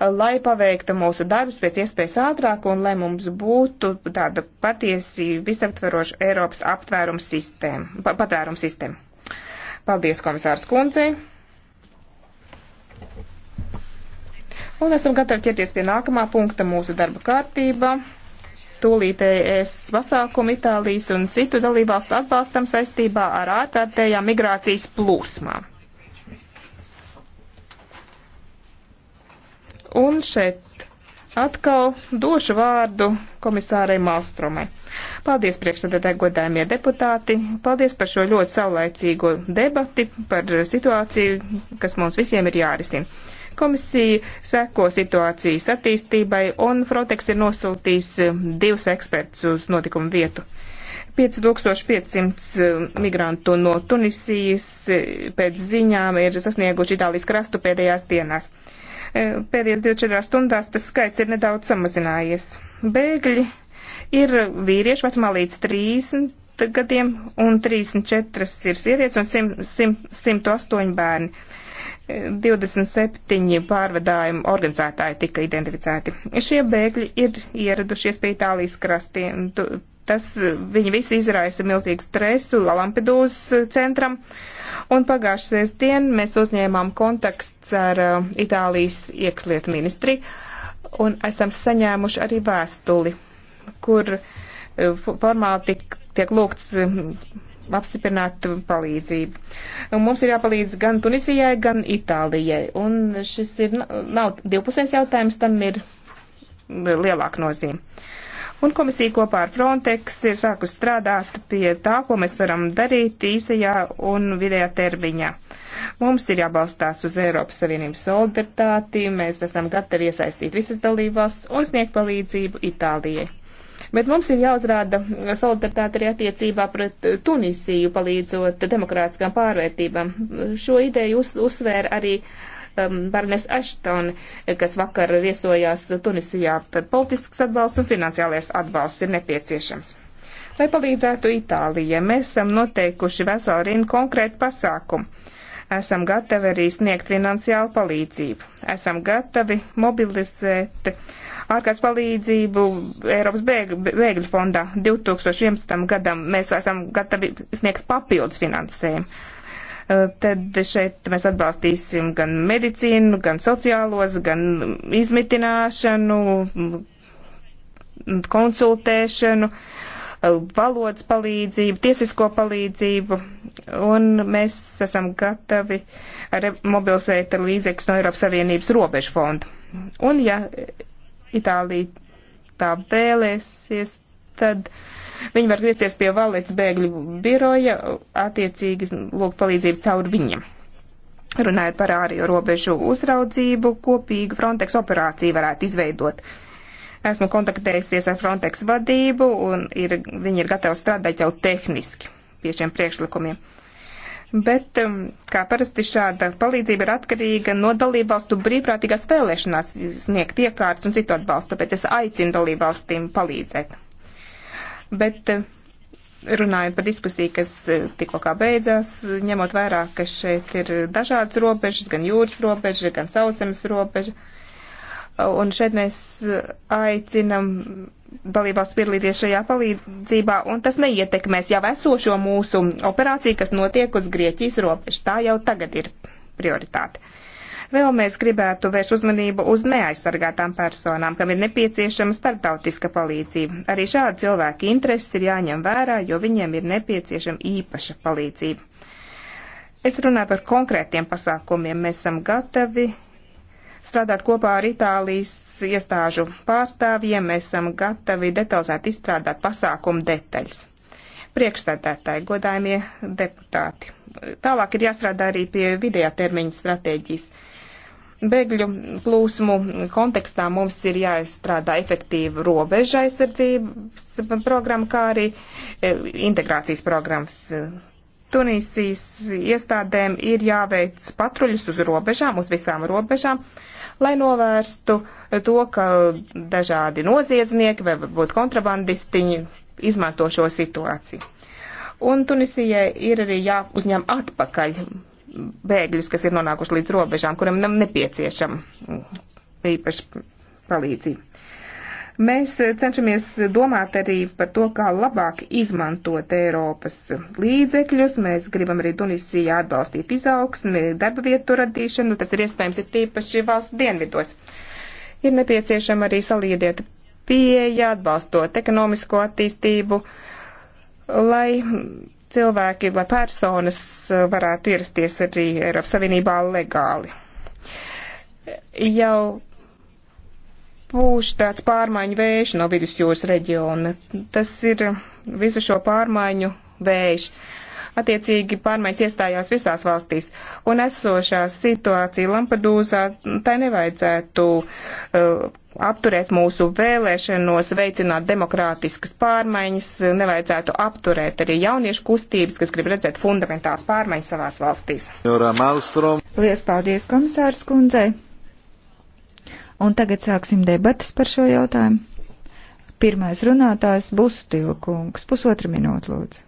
lai paveiktu mūsu darbus pēc iespējas ātrāk un lai mums būtu tāda patiesi visaptveroša Eiropas aptvērums sistēma, patvērums sistēma. Paldies, komisārs Kundzei! Un esam gatavi ķerties pie nākamā punkta mūsu darba kārtībā. Tūlītējais e pasākumu Itālijas un citu dalībvalstu atbalstam saistībā ar ārkārtējām migrācijas plūsmām. Un šeit atkal došu vārdu komisārai Malstromai. Paldies priekšsēdētāji godājumie deputāti, paldies par šo ļoti saulaicīgo debati par situāciju, kas mums visiem ir jārisina. Komisija seko situācijas attīstībai un Frontex ir nosūtījis divus ekspertus uz notikumu vietu. 5500 um, migrantu no Tunisijas eh, pēc ziņām ir sasnieguši Itālijas krastu pēdējās dienās. E, pēdējās 24 stundās tas skaits ir nedaudz samazinājies. Bēgļi ir vīrieši vecumā līdz 30 gadiem, un 34 ir sievietes un 100, 100, 108 bērni. 27 e, pārvadājumu organizētāji tika identificēti. Šie bēgļi ir ieradušies pie Itālijas krastiem. Tas viņi visi izraisa milzīgu stresu Lampedūzas eh, centram. Un pagājušajā sestdien mēs uzņēmām kontakts ar eh, Itālijas iekšlietu ministri un esam saņēmuši arī vēstuli, kur eh, formāli tik, tiek lūgts apstiprināt palīdzību. Un mums ir jāpalīdz gan Tunisijai, gan Itālijai. Un šis ir, nav divpusējs jautājums, tam ir lielāka nozīme. Un komisija kopā ar Frontex ir sākus strādāt pie tā, ko mēs varam darīt īsajā un vidējā termiņā. Mums ir jābalstās uz Eiropas Savienības solidaritāti, mēs esam gatavi iesaistīt visas dalībvalsts un sniegt palīdzību Itālijai. Bet mums ir jāuzrāda solidaritāte arī attiecībā pret Tunisiju, palīdzot demokrātiskām pārvērtībām. Šo ideju uz, uzsvēra arī uh, Um, Barnes Ashton, kas vakar viesojās Tunisijā. Tad politisks atbalsts un finansiālais atbalsts ir nepieciešams. Lai palīdzētu Itālijai, mēs esam noteikuši veselu rindu konkrētu pasākumu. Esam gatavi arī sniegt finansiālu palīdzību. Esam gatavi mobilizēt ārkārtas palīdzību Eiropas bēgļu fondā 2011. gadam. Mēs esam gatavi sniegt papildus finansējumu Eh, tad šeit mēs atbalstīsim gan medicīnu, gan sociālos, gan izmitināšanu, konsultēšanu, eh, valodas palīdzību, tiesisko palīdzību, un mēs esam gatavi mobilizēt līdzekļus no Eiropas Savienības robežu fonda. Un ja Itālija tā vēlēsies, tad uh, Viņi var griezties pie valets bēgļu biroja, attiecīgi lūgt palīdzību caur viņiem. Runājot par ārējo robežu uzraudzību, kopīgu Frontex operāciju varētu izveidot. Esmu kontaktējusies ar Frontex vadību un ir, viņi ir gatavi strādāt jau tehniski pie šiem priekšlikumiem. Bet, um, kā parasti, šāda palīdzība ir atkarīga no dalībvalstu brīvprātīgās vēlēšanās sniegt iekārtas un citu atbalstu, tāpēc es aicinu dalībvalstīm palīdzēt. Bet eh, runājot par diskusiju, kas eh, tikko kā beidzās, ņemot vērā, ka šeit ir dažādas robežas, gan jūras robeža, gan sausemes robeža, un šeit mēs aicinam dalībās piedalīties šajā palīdzībā, un tas neietekmēs jau esošo mūsu operāciju, kas notiek uz Grieķijas robežu. Tā jau tagad ir prioritāte. Uh, Vēl mēs gribētu vērst uzmanību uz neaizsargātām personām, kam ir nepieciešama starptautiska palīdzība. Arī šādi cilvēki intereses ir jāņem vērā, jo viņiem ir nepieciešama īpaša palīdzība. Es runāju par konkrētiem pasākumiem. Mēs esam gatavi strādāt kopā ar Itālijas iestāžu pārstāvjiem. Mēs esam gatavi detalizēt izstrādāt pasākumu detaļas. Priekšstādātāji, godājumie deputāti. Tālāk ir jāstrādā arī pie vidējā termiņa stratēģijas bēgļu plūsmu kontekstā mums ir jāizstrādā efektīva robeža aizsardzības programma, kā arī e, integrācijas programmas. Tunīsijas iestādēm ir jāveic patruļus uz robežām, uz visām robežām, lai novērstu to, ka dažādi noziedznieki vai varbūt kontrabandistiņi izmanto šo situāciju. Un Tunisijai ir arī jāuzņem atpakaļ bēgļus, kas ir nonākuši līdz robežām, kuriem nav nepieciešama īpaša palīdzība. Mēs cenšamies domāt arī par to, kā labāk izmantot Eiropas līdzekļus. Mēs gribam arī Tunisijā atbalstīt izaugsmi, darba vietu radīšanu. Tas ir iespējams ir tīpaši valsts dienvidos. Ir nepieciešama arī salīdieta pieeja, atbalstot ekonomisko attīstību, lai cilvēki vai personas eh, varētu ierasties arī Eiropas Savienībā legāli. Jau pūš tāds pārmaiņu vējš no vidusjūras reģiona. Tas ir visu šo pārmaiņu vējš. Uh, Attiecīgi pārmaiņas iestājās visās valstīs, un esošā situācija Lampedūzā tai nevajadzētu uh, apturēt mūsu vēlēšanos, veicināt demokrātiskas pārmaiņas, nevajadzētu apturēt arī jauniešu kustības, kas grib redzēt fundamentāls pārmaiņas savās valstīs. Lielas paldies komisārs kundzei! Un tagad sāksim debatas par šo jautājumu. Pirmais runātājs būs Tilkungs. Pusotra minūte, lūdzu.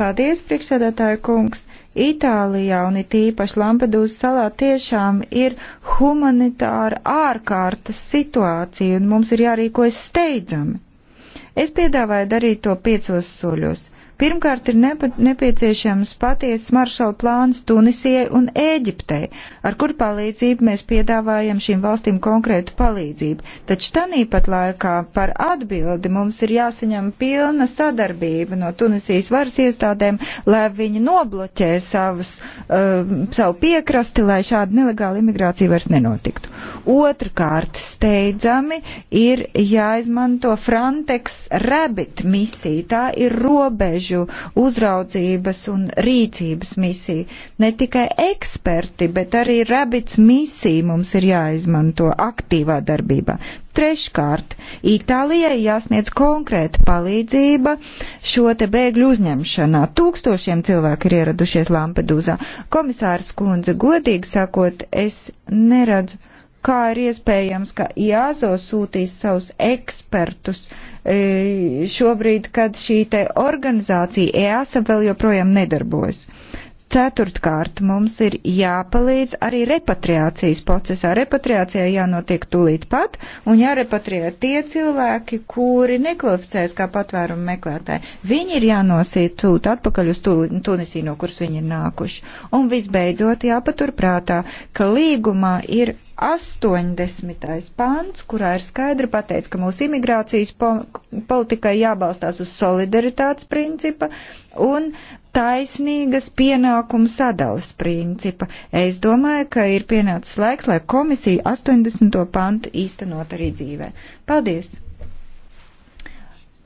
Paldies, priekšsēdētāja kungs! Itālijā un it īpaši Lampedūzas salā tiešām ir humanitāra ārkārtas situācija un mums ir jārīkojas steidzami. Es piedāvāju darīt to piecos soļos. Pirmkārt, ir nepieciešams patiesas maršala plāns Tunisijai un Ēģiptei, ar kur palīdzību mēs piedāvājam šīm valstīm konkrētu palīdzību. Taču tanīpat laikā par atbildi mums ir jāsaņem pilna sadarbība no Tunisijas varas iestādēm, lai viņi nobloķē savus, uh, savu piekrasti, lai šāda nelegāla imigrācija vairs nenotiktu. Otrakārt, steidzami ir jāizmanto Frontex Rabbit misija. Tā ir robeža robežu uzraudzības un rīcības misiju. Ne tikai eksperti, bet arī rabits misija mums ir jāizmanto aktīvā darbībā. Treškārt, Itālijai jāsniedz konkrēta palīdzība šo te bēgļu uzņemšanā. Tūkstošiem cilvēku ir ieradušies Lampedūzā. Komisārs kundze, godīgi sakot, es neredzu kā ir iespējams, ka IAZO sūtīs savus ekspertus e, šobrīd, kad šī te organizācija EASA vēl joprojām nedarbojas. Ceturtkārt, mums ir jāpalīdz arī repatriācijas procesā. Repatriācijā jānotiek tūlīt pat un jārepatriē tie cilvēki, kuri nekvalificējas kā patvērumu meklētāji. Viņi ir jānosīt atpakaļ uz Tunisiju, no kuras viņi ir nākuši. Un visbeidzot, jāpaturprātā, ka līgumā ir 80. pāns, kurā ir skaidri pateikts, ka mūsu imigrācijas politikai jābalstās uz solidaritātes principa un taisnīgas pienākumu sadalas principa. Es domāju, ka ir pienācis laiks, lai komisija 80. pantu īstenot arī dzīvē. Paldies!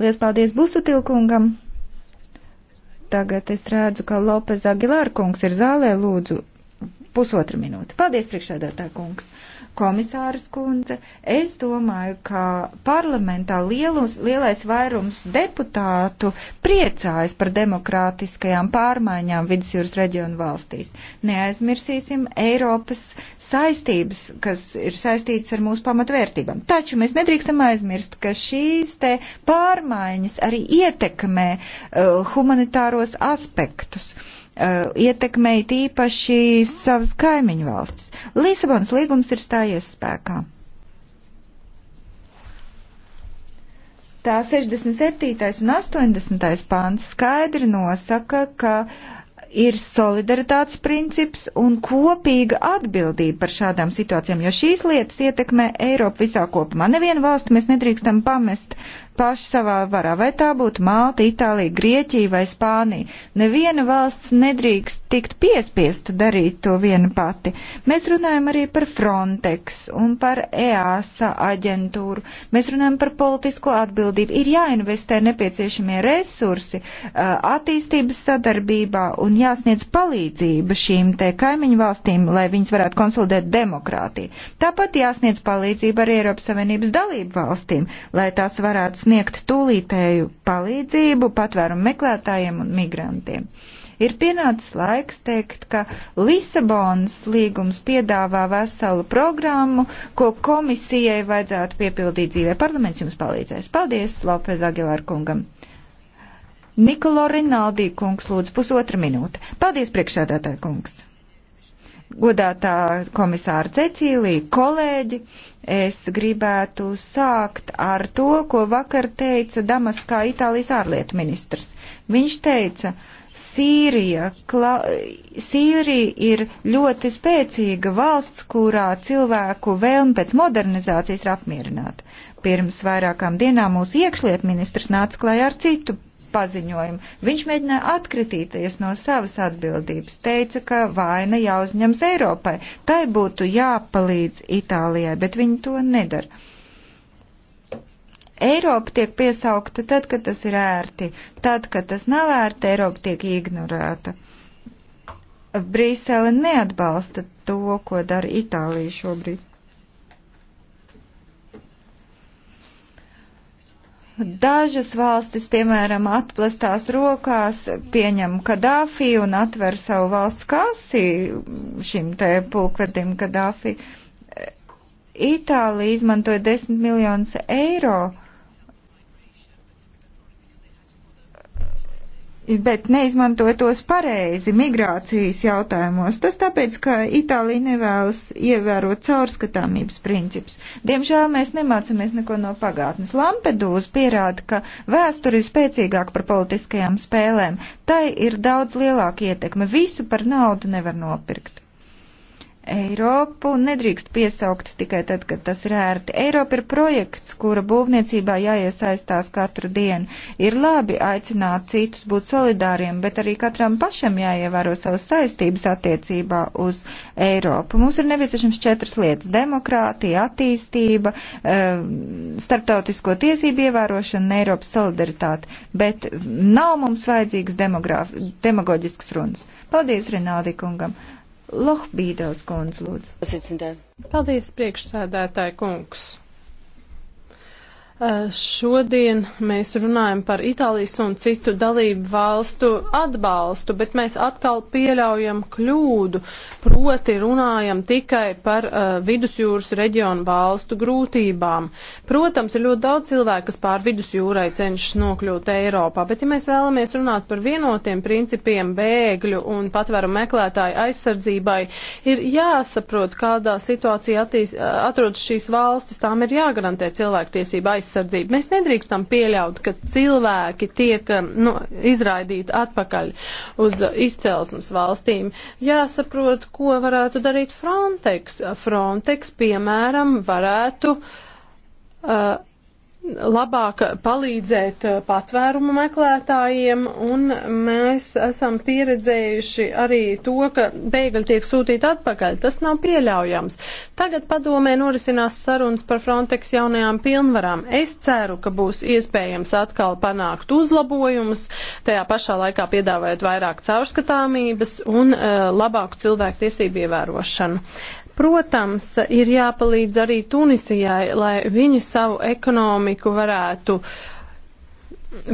Lielas paldies Busutilkungam! Tagad es redzu, ka Lopez Agilārkungs ir zālē lūdzu pusotra minūte. Paldies, priekšsēdētā kungs. Komisāras kundze, es domāju, ka parlamentā lielus, lielais vairums deputātu priecājas par demokrātiskajām pārmaiņām vidusjūras reģionu valstīs. Neaizmirsīsim Eiropas saistības, kas ir saistītas ar mūsu pamatvērtībām. Taču mēs nedrīkstam aizmirst, ka šīs te pārmaiņas arī ietekmē uh, humanitāros aspektus. Uh, Uh, ietekmēja tīpaši savas kaimiņu valsts. Lisabonas līgums ir stājies spēkā. Tā 67. un 80. pāns skaidri nosaka, ka ir solidaritātes princips un kopīga atbildība par šādām situācijām, jo šīs lietas ietekmē Eiropu visā kopumā. Nevienu valstu mēs nedrīkstam pamest uh, paši savā varā, vai tā būtu Malta, Itālija, Grieķija vai Spānija. Neviena valsts nedrīkst tikt piespiesta darīt to viena pati. Mēs runājam arī par Frontex un par EASA aģentūru. Mēs runājam par politisko atbildību. Ir jāinvestē nepieciešamie resursi uh, attīstības sadarbībā un jāsniedz palīdzība šīm te kaimiņu valstīm, lai viņas varētu konsolidēt demokrātiju. Tāpat jāsniedz palīdzība arī Eiropas Savienības dalību valstīm, lai tās varētu sniegt tūlītēju palīdzību patvērumu meklētājiem un migrantiem. Ir pienācis laiks teikt, ka Lisabonas līgums piedāvā veselu programmu, ko komisijai vajadzētu piepildīt dzīvē. Parlaments jums palīdzēs. Paldies Lopez Agilār kungam. Nikolo Rinaldī kungs lūdzu pusotra minūte. Paldies priekšādātāja kungs. Godātā komisāra Cecīlija, kolēģi, es gribētu sākt ar to, ko vakar teica Damaskā Itālijas ārlietu ministrs. Viņš teica, Sīrija, kla, Sīrija ir ļoti spēcīga valsts, kurā cilvēku vēlme pēc modernizācijas ir apmierināta. Pirms vairākām dienām mūsu iekšliet ministrs nāca klājā ar citu paziņojumu. Viņš mēģināja atkritīties no savas atbildības, teica, ka vaina jāuzņems Eiropai. Tai būtu jāpalīdz Itālijai, bet viņi to nedara. Eiropa tiek piesaukta tad, kad tas ir ērti. Tad, kad tas nav ērti, Eiropa tiek ignorēta. Brīsele neatbalsta to, ko dara Itālija šobrīd. Dažas valstis, piemēram, atplestās rokās, pieņem Kadāfi un atver savu valsts kasi šim te pulkvedim Kadāfi. Itālija izmantoja 10 miljonus eiro bet neizmantoja tos pareizi migrācijas jautājumos. Tas tāpēc, ka Itālija nevēlas ievērot caurskatāmības principus. Diemžēl mēs nemācamies neko no pagātnes. Lampedūza pierāda, ka vēsture ir spēcīgāka par politiskajām spēlēm. Tai ir daudz lielāka ietekme. Visu par naudu nevar nopirkt. Eiropu nedrīkst piesaukt tikai tad, kad tas ir ērti. Eiropa ir projekts, kura būvniecībā jāiesaistās katru dienu. Ir labi aicināt citus būt solidāriem, bet arī katram pašam jāievēro savas saistības attiecībā uz Eiropu. Mums ir nepieciešams četras lietas - demokrātija, attīstība, eh, starptautisko tiesību ievērošana un Eiropas solidaritāte. Bet nav mums vajadzīgs demografi, demagoģisks runas. Paldies Rinaldi kungam! Lohbīdels konsults. Paldies, priekšsēdētāji kungs! Eh, šodien mēs runājam par Itālijas un citu dalību valstu atbalstu, bet mēs atkal pieļaujam kļūdu, proti runājam tikai par uh, vidusjūras reģionu valstu grūtībām. Protams, ir ļoti daudz cilvēku, kas pār vidusjūrai cenšas nokļūt Eiropā, bet ja mēs vēlamies runāt par vienotiem principiem bēgļu un patvēru meklētāju aizsardzībai, ir jāsaprot, kādā situācijā attīst, eh, atrodas šīs valstis, tām ir jāgarantē cilvēku tiesība aizsardzība aizsardzību. Mēs nedrīkstam pieļaut, ka cilvēki tiek nu, izraidīti atpakaļ uz izcelsmes valstīm. Jāsaprot, ko varētu darīt Frontex. Frontex, piemēram, varētu. Uh, labāk palīdzēt uh, patvērumu meklētājiem, un mēs esam pieredzējuši arī to, ka bēgļi tiek sūtīti atpakaļ. Tas nav pieļaujams. Tagad padomē norisinās sarunas par Frontex jaunajām pilnvarām. Es ceru, ka būs iespējams atkal panākt uzlabojumus, tajā pašā laikā piedāvājot vairāk caurskatāmības un uh, labāku cilvēku tiesību ievērošanu. Protams, ir jāpalīdz arī Tunisijai, lai viņi savu ekonomiku varētu uh,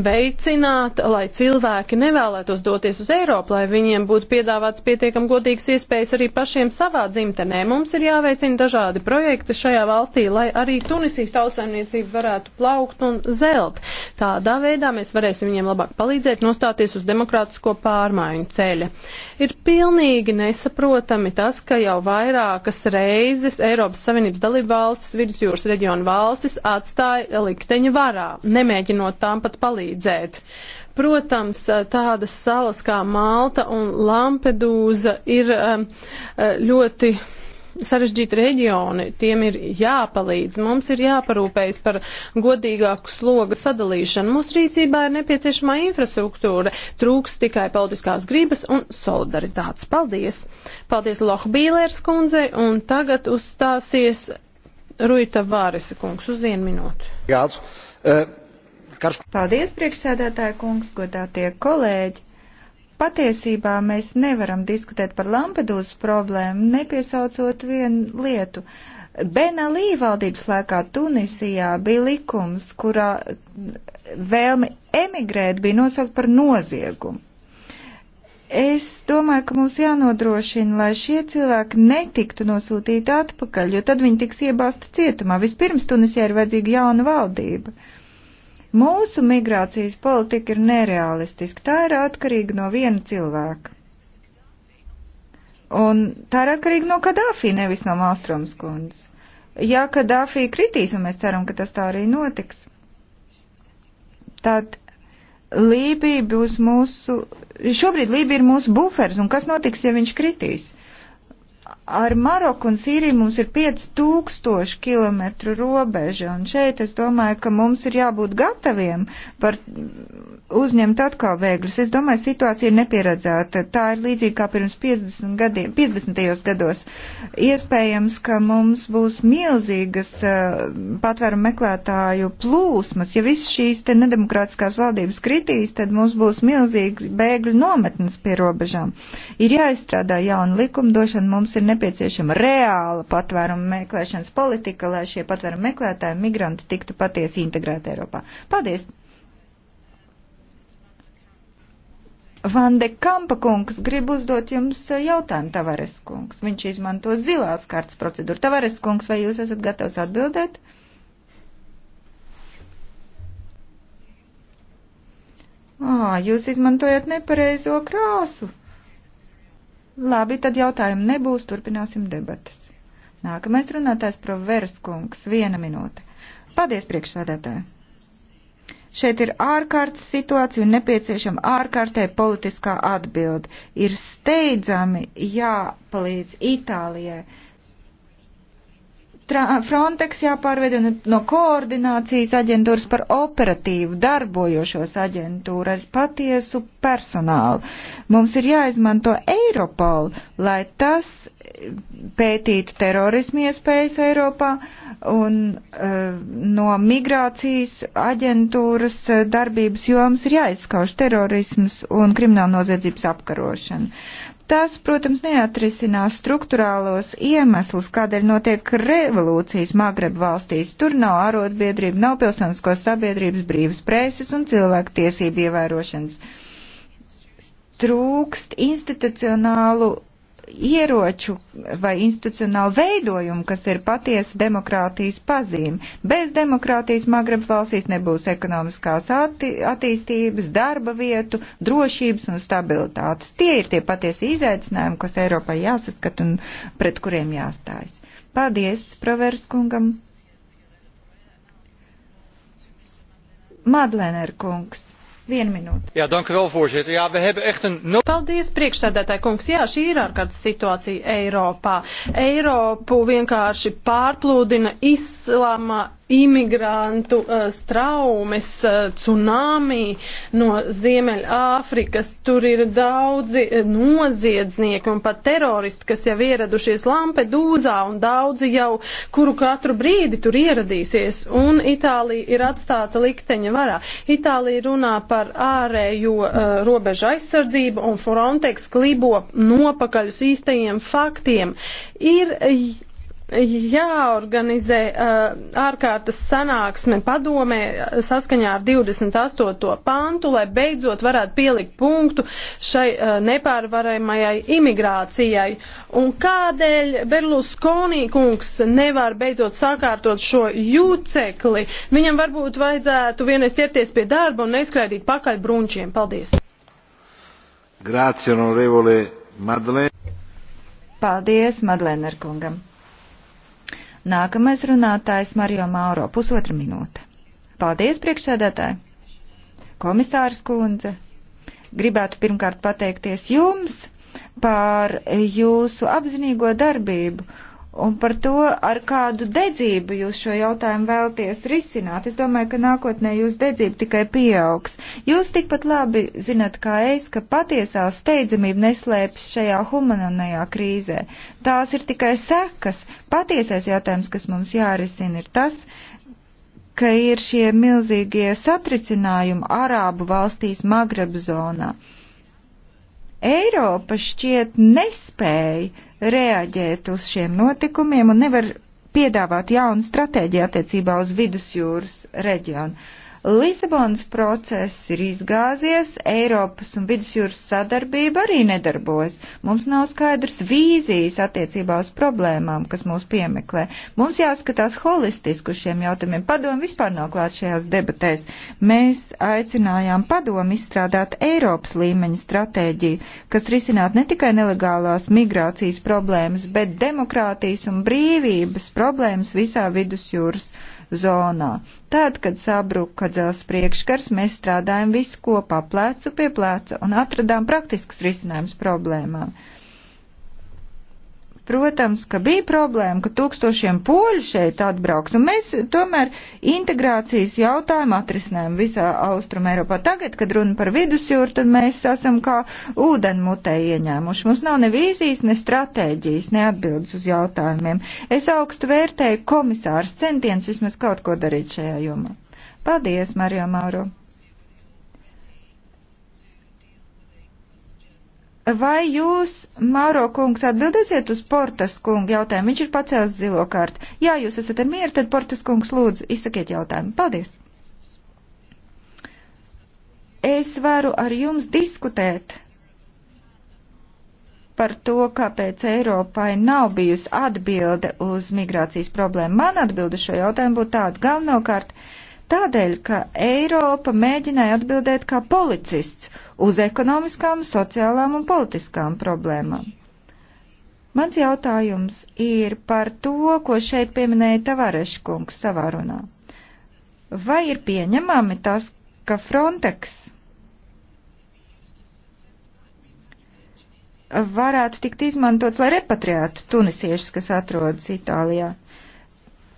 veicināt, lai cilvēki nevēlētos doties uz Eiropu, lai viņiem būtu piedāvāts pietiekam godīgs iespējas arī pašiem savā dzimtenē. Mums ir jāveicina dažādi projekti šajā valstī, lai arī Tunisijas tausaimniecība varētu plaukt un zelt. Tādā veidā mēs varēsim viņiem labāk palīdzēt nostāties uz demokrātisko pārmaiņu ceļa. Ir pilnīgi nesaprotami tas, ka jau vairākas reizes Eiropas Savienības dalību valstis, vidusjūras reģionu valstis atstāja likteņu varā, nemēģinot tām pat palīdzēt palīdzēt. Protams, eh, tādas salas kā Malta un Lampedūza ir eh, eh, ļoti sarežģīti reģioni, tiem ir jāpalīdz, mums ir jāparūpējas par godīgāku sloga sadalīšanu. Mūsu rīcībā ir nepieciešamā infrastruktūra, trūks tikai politiskās gribas un solidaritātes. Paldies! Paldies Lohbīlērs kundzei, un tagad uzstāsies Ruita Vārisa kungs uz vienu minūtu. Jāds. Uh... Karš... Paldies, priekšsēdētāja kungs, godātie kolēģi! Patiesībā mēs nevaram diskutēt par Lampedūzas problēmu, nepiesaucot vienu lietu. Benalī valdības laikā Tunisijā bija likums, kurā vēlme emigrēt bija nosaukt par noziegumu. Es domāju, ka mums jānodrošina, lai šie cilvēki netiktu nosūtīti atpakaļ, jo tad viņi tiks iebāzti cietumā. Vispirms Tunisijai ir vajadzīga jauna valdība. Uh, Mūsu migrācijas politika ir nerealistiska. Tā ir atkarīga no viena cilvēka. Un tā ir atkarīga no Kadāfī, nevis no Malstroms kundzes. Ja Kadāfī kritīs, un mēs ceram, ka tas tā arī notiks, tad Lībija būs mūsu, šobrīd Lībija ir mūsu buferis, un kas notiks, ja viņš kritīs? ar Maroku un Sīriju mums ir 5000 km robeža, un šeit es domāju, ka mums ir jābūt gataviem par uzņemt atkal bēgļus. Es domāju, situācija ir nepieredzēta. Tā ir līdzīga kā pirms 50. Gadiem, 50. gados. Iespējams, ka mums būs milzīgas uh, eh, patvērumu meklētāju plūsmas. Ja viss šīs te nedemokrātiskās valdības kritīs, tad mums būs milzīgi bēgļu nometnes pie robežām. Ir jāizstrādā jauna likumdošana, mums ir nepieciešama reāla patvērumu meklēšanas politika, lai šie patvērumu meklētāji, migranti tiktu patiesi integrēti Eiropā. Paldies! Vande Kampa kungs grib uzdot jums eh, jautājumu, Tavares kungs. Viņš izmanto zilās kārtas procedūru. Tavares kungs, vai jūs esat gatavs atbildēt? Ā, jūs izmantojat nepareizo krāsu. Labi, tad jautājumu nebūs, turpināsim debatas. Nākamais runātājs Proveras kungs, viena minūte. Paldies priekšsādātāji! Šeit ir ārkārtas situācija un nepieciešama ārkārtē politiskā atbilde. Ir steidzami jāpalīdz Itālijai Frontex jāpārveido no koordinācijas aģentūras par operatīvu darbojošos aģentūru ar patiesu personālu. Mums ir jāizmanto Eiropol, lai tas pētītu terorismu iespējas Eiropā un uh, no migrācijas aģentūras eh, darbības jomas ir jāizskauž terorisms un krimināla noziedzības apkarošana. Tas, protams, neatrisinās struktūrālos iemeslus, kādēļ notiek revolūcijas Magreb valstīs. Tur nav arotbiedrība, nav pilsonisko sabiedrības brīvas preses un cilvēku tiesību ievērošanas. Trūkst institucionālu ieroču vai institucionālu veidojumu, kas ir patiesa demokrātijas pazīme. Bez demokrātijas Magreb valstīs nebūs ekonomiskās atti attīstības, darba vietu, drošības un stabilitātes. Tie ir tie patiesi izaicinājumi, kas Eiropai jāsaskat un pret kuriem jāstājas. Paldies, Proverskungam! Madlener kungs! Vienu minūti. Jā, dank vēl, voorzitter. Jā, we hebben echt een... Paldies, priekšsēdētāji kungs. Jā, šī ir ārkārtas situācija Eiropā. Eiropu vienkārši pārplūdina islama imigrantu uh, straumes, uh, tsunami no Ziemeļāfrikas. Tur ir daudzi eh, noziedznieki un pat teroristi, kas jau ieradušies Lampedūzā un daudzi jau, kuru katru brīdi tur ieradīsies. Un Itālija ir atstāta likteņa varā. Itālija runā par ārējo uh, robežu aizsardzību un Frontex klibo nopakaļ uz īstajiem faktiem. Ir jāorganizē uh, ārkārtas sanāksme padomē uh, saskaņā ar 28. pantu, lai beidzot varētu pielikt punktu šai uh, nepārvarējumajai imigrācijai. Un kādēļ Berluskonī kungs nevar beidzot sakārtot šo jūcekli? Viņam varbūt vajadzētu vienreiz ķerties pie darba un neskraidīt pakaļ brunčiem. Paldies! Grācija, onorevole Madlēna. Paldies, Madlēna ar kungam! Nākamais runātājs Mario Mauro, pusotra minūte. Paldies, priekšsēdētāji! Komisārs kundze, gribētu pirmkārt pateikties jums par jūsu apzinīgo darbību un par to, ar kādu dedzību jūs šo jautājumu vēlties risināt. Es domāju, ka nākotnē jūsu dedzība tikai pieaugs. Jūs tikpat labi zinat, kā es, ka patiesā steidzamība neslēpjas šajā humanānajā krīzē. Tās ir tikai sekas. Patiesais jautājums, kas mums jārisina, ir tas, ka ir šie milzīgie satricinājumi Arābu valstīs Magrebu zonā. Uh, Eiropa šķiet nespēja reaģēt uz šiem notikumiem un nevar piedāvāt jaunu stratēģiju attiecībā uz vidusjūras reģionu. Lisabonas process ir izgāzies, Eiropas un vidusjūras sadarbība arī nedarbojas. Mums nav skaidrs vīzijas attiecībā uz problēmām, kas mūs piemeklē. Mums jāskatās holistiski uz šiem jautājumiem. Padomu vispār nav klāt šajās debatēs. Mēs aicinājām padomu izstrādāt Eiropas līmeņa stratēģiju, kas risinātu ne tikai nelegālās migrācijas problēmas, bet demokrātijas un brīvības problēmas visā vidusjūras zonā. Tad, kad sabruka dzels priekškars, mēs strādājam visi kopā plecu pie pleca un atradām praktiskus risinājumus problēmām. Uh, Protams, ka bija problēma, ka tūkstošiem poļu šeit atbrauks, un mēs tomēr integrācijas jautājumu atrisinājām visā Austrum Eiropā. Tagad, kad runa par vidusjūru, tad mēs esam kā ūdenmutē ieņēmuši. Mums nav ne vīzijas, ne stratēģijas, ne atbildes uz jautājumiem. Es augstu vērtēju komisārs centienus vismaz kaut ko darīt šajā jomā. Paldies, Mario Mauro! Vai jūs, Māro kungs, atbildēsiet uz Portas kunga jautājumu? Viņš ir pacēlis zilo kārtu. Jā, jūs esat ar mieru, tad Portas kungs lūdzu izsakiet jautājumu. Paldies! Es varu ar jums diskutēt par to, kāpēc Eiropai nav bijusi atbilde uz migrācijas problēmu. Man atbilde šo jautājumu būtu tāda galvenokārt. Uh, Tādēļ, ka Eiropa mēģināja atbildēt kā policists uz ekonomiskām, sociālām un politiskām problēmām. Mans jautājums ir par to, ko šeit pieminēja Tavareškungs savā runā. Vai ir pieņemami tas, ka Frontex varētu tikt izmantots, lai repatriētu tunisiešus, kas atrodas Itālijā?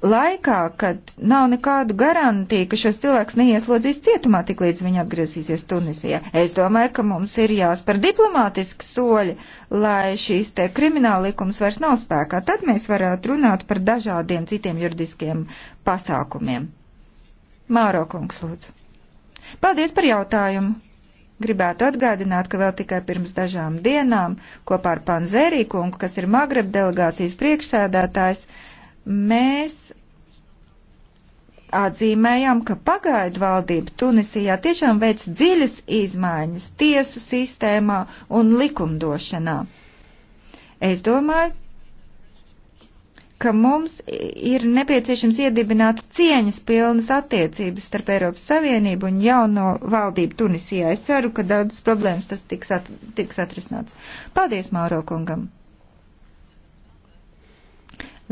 laikā, kad nav nekādu garantiju, ka šos cilvēks neieslodzīs cietumā, tik līdz viņi atgriezīsies Tunisijā. Es domāju, ka mums ir jāspēr diplomātiski soļi, lai šīs te krimināla likums vairs nav spēkā. Tad mēs varētu runāt par dažādiem citiem juridiskiem pasākumiem. Māro kungs, lūdzu. Paldies par jautājumu! Gribētu atgādināt, ka vēl tikai pirms dažām dienām kopā ar Panzērī kungu, kas ir Magreb delegācijas priekšsēdētājs, Mēs atzīmējām, ka pagaidu valdība Tunisijā tiešām veic dziļas izmaiņas tiesu sistēmā un likumdošanā. Es domāju, ka mums ir nepieciešams iedibināt cieņas pilnas attiecības starp Eiropas Savienību un jauno valdību Tunisijā. Es ceru, ka daudzas problēmas tas tiks, at tiks atrisināts. Paldies Māro kungam!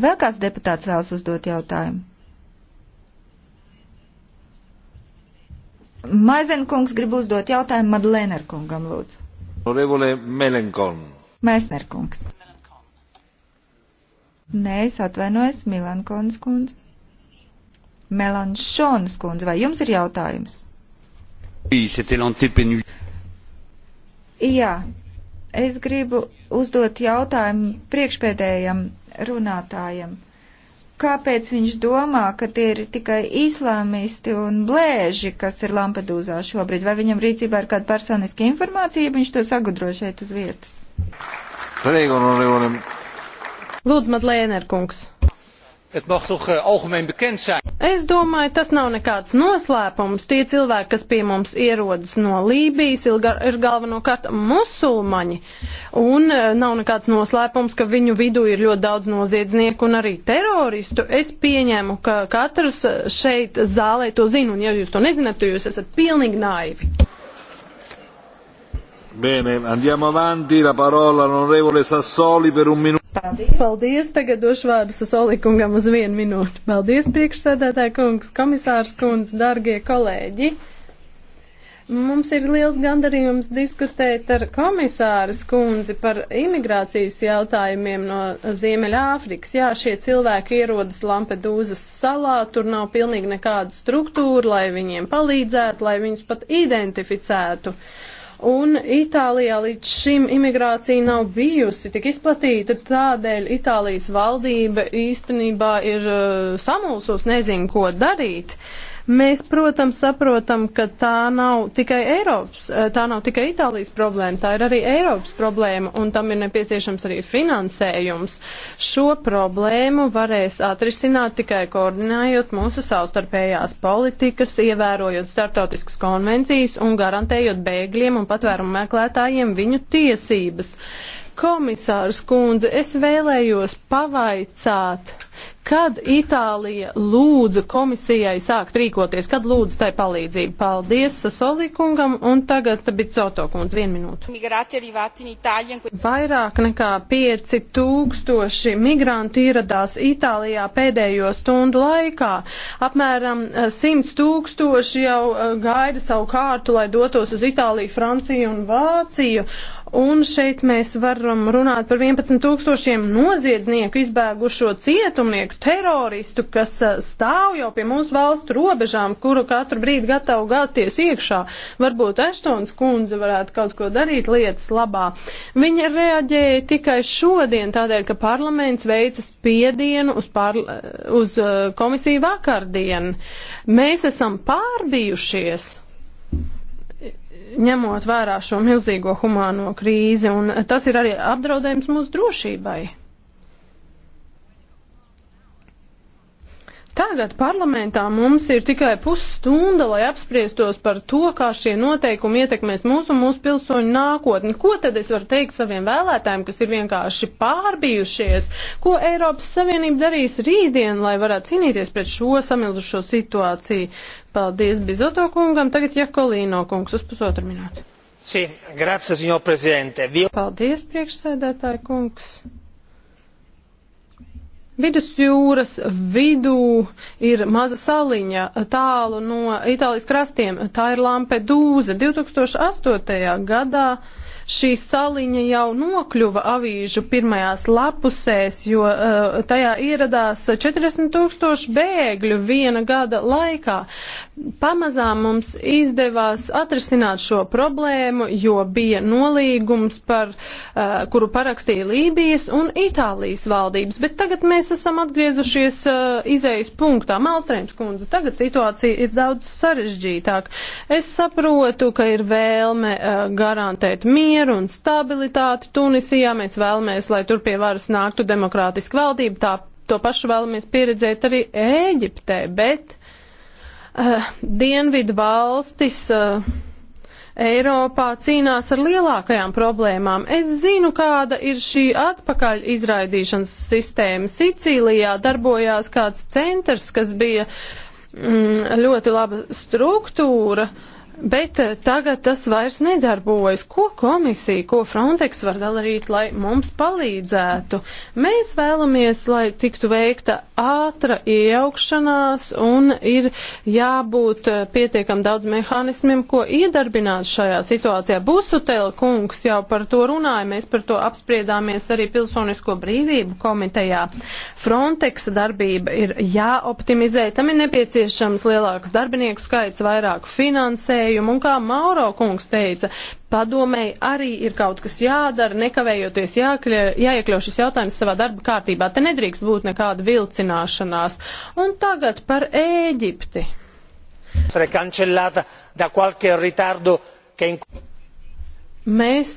Vēl kāds deputāts vēlas uzdot jautājumu? Maizenkungs grib uzdot jautājumu Madlēner kungam, lūdzu. Orevole Melenkon. Mēsner kungs. Nē, es atvainojos, Milankonas kundze. Melanšonas kundze, vai jums ir jautājums? Jā, es gribu uzdot jautājumu priekšpēdējam runātājam. Kāpēc viņš domā, ka tie ir tikai islāmisti un blēži, kas ir Lampedūzā šobrīd? Vai viņam rīcībā ir kāda personiska informācija, viņš to sagudro šeit uz vietas? Lūdzu, Madlēner kungs. Het mag toch uh, algemeen bekend zijn? Es domāju, tas nav nekāds noslēpums. Tie cilvēki, kas pie mums ierodas no Lībijas, ilgar, ir galvenokārt musulmaņi. Un uh, nav nekāds noslēpums, ka viņu vidū ir ļoti daudz noziedznieku un arī teroristu. Es pieņēmu, ka katrs eh, šeit zālē to zina, un ja jūs to nezināt, tad jūs esat pilnīgi naivi. Bene, andiamo avanti, la parola l'onorevole Sassoli per un minuto. Paldies. Paldies, tagad došu vārdu Sassoli kungam uz vienu minūti. Paldies, priekšsēdētāja kungs, komisārs kundz, dargie kolēģi. Mums ir liels gandarījums diskutēt ar komisāru skundzi par imigrācijas jautājumiem no Ziemeļāfrikas. Jā, šie cilvēki ierodas Lampedūzas salā, tur nav pilnīgi nekādu struktūru, lai viņiem palīdzētu, lai viņus pat identificētu. Uh, Un Itālijā līdz šim imigrācija nav bijusi tik izplatīta, tādēļ Itālijas valdība īstenībā ir uh, eh, samulsos, nezinu, ko darīt. Uh, Mēs, protams, saprotam, ka tā nav tikai Eiropas, eh, tā nav tikai Itālijas problēma, tā ir arī Eiropas problēma, un tam ir nepieciešams arī finansējums. Šo problēmu varēs atrisināt tikai koordinējot mūsu savstarpējās politikas, ievērojot startautiskas konvencijas un garantējot bēgļiem un patvērumu meklētājiem viņu tiesības. Uh, Komisārs kundze, es vēlējos pavaicāt, kad Itālija lūdza komisijai sākt rīkoties, kad lūdza tai palīdzību. Paldies Sasolī kungam un tagad Bicoto kundze, vienu minūtu. Vairāk nekā 5000 migranti ieradās Itālijā pēdējo stundu laikā. Apmēram 100 eh, tūkstoši jau eh, gaida savu kārtu, lai dotos uz Itāliju, Franciju un Vāciju. Un šeit mēs varam runāt par 11 tūkstošiem noziedznieku, izbēgušo cietumnieku, teroristu, kas stāv jau pie mūsu valstu robežām, kuru katru brīdi gatavu gāzties iekšā. Varbūt Eštons kundze varētu kaut ko darīt lietas labā. Viņa reaģēja tikai šodien, tādēļ, ka parlaments veica spiedienu uz, parla... uz komisiju vakardien. Mēs esam pārbijušies ņemot vērā šo milzīgo humāno krīzi, un tas ir arī apdraudējums mūsu drošībai. Tagad parlamentā mums ir tikai pusstunda, lai apspriestos par to, kā šie noteikumi ietekmēs mūsu un mūsu pilsoņu nākotni. Ko tad es varu teikt saviem vēlētājiem, kas ir vienkārši pārbijušies? Ko Eiropas Savienība darīs rītdien, lai varētu cīnīties pret šo samilzušo situāciju? Paldies Bizoto kungam. Tagad Jakolīno kungs uz pusotru minūti. Sí, grazie, signor Presidente. Vi... Paldies, priekšsēdētāji kungs. Vidusjūras vidū ir maza saliņa tālu no Itālijas krastiem. Tā ir Lampedūza. 2008. gadā Šī saliņa jau nokļuva avīžu pirmajās lapusēs, jo uh, tajā ieradās 40 tūkstoši bēgļu viena gada laikā. Pamazām mums izdevās atrisināt šo problēmu, jo bija nolīgums, par, uh, kuru parakstīja Lībijas un Itālijas valdības. Bet tagad mēs esam atgriezušies uh, izējas punktā. Malstrēms kundze, tagad situācija ir daudz sarežģītāka. Es saprotu, ka ir vēlme uh, garantēt mieru mieru un stabilitāti Tunisijā. Mēs vēlamies, lai tur pie varas nāktu demokrātiska valdība. Tā, to pašu vēlamies pieredzēt arī Ēģiptē, bet uh, Dienvidu valstis. Uh, Eiropā cīnās ar lielākajām problēmām. Es zinu, kāda ir šī atpakaļ izraidīšanas sistēma. Sicīlijā darbojās kāds centrs, kas bija mm, ļoti laba struktūra, uh, Bet eh, tagad tas vairs nedarbojas. Ko komisija, ko Frontex var darīt, lai mums palīdzētu? Mēs vēlamies, lai tiktu veikta ātra iejaukšanās un ir jābūt eh, pietiekam daudz mehānismiem, ko iedarbināt šajā situācijā. Busutela kungs jau par to runāja, mēs par to apspriedāmies arī Pilsonisko brīvību komitejā. Frontex darbība ir jāoptimizē, tam ir nepieciešams lielāks darbinieku skaits, vairāk finansējumu un, kā Mauro kungs teica, padomēji arī ir kaut kas jādara, nekavējoties jākļa, jāiekļauj šis jautājums savā darba kārtībā. Te nedrīkst būt nekāda vilcināšanās. Un tagad par Ēģipti. Mēs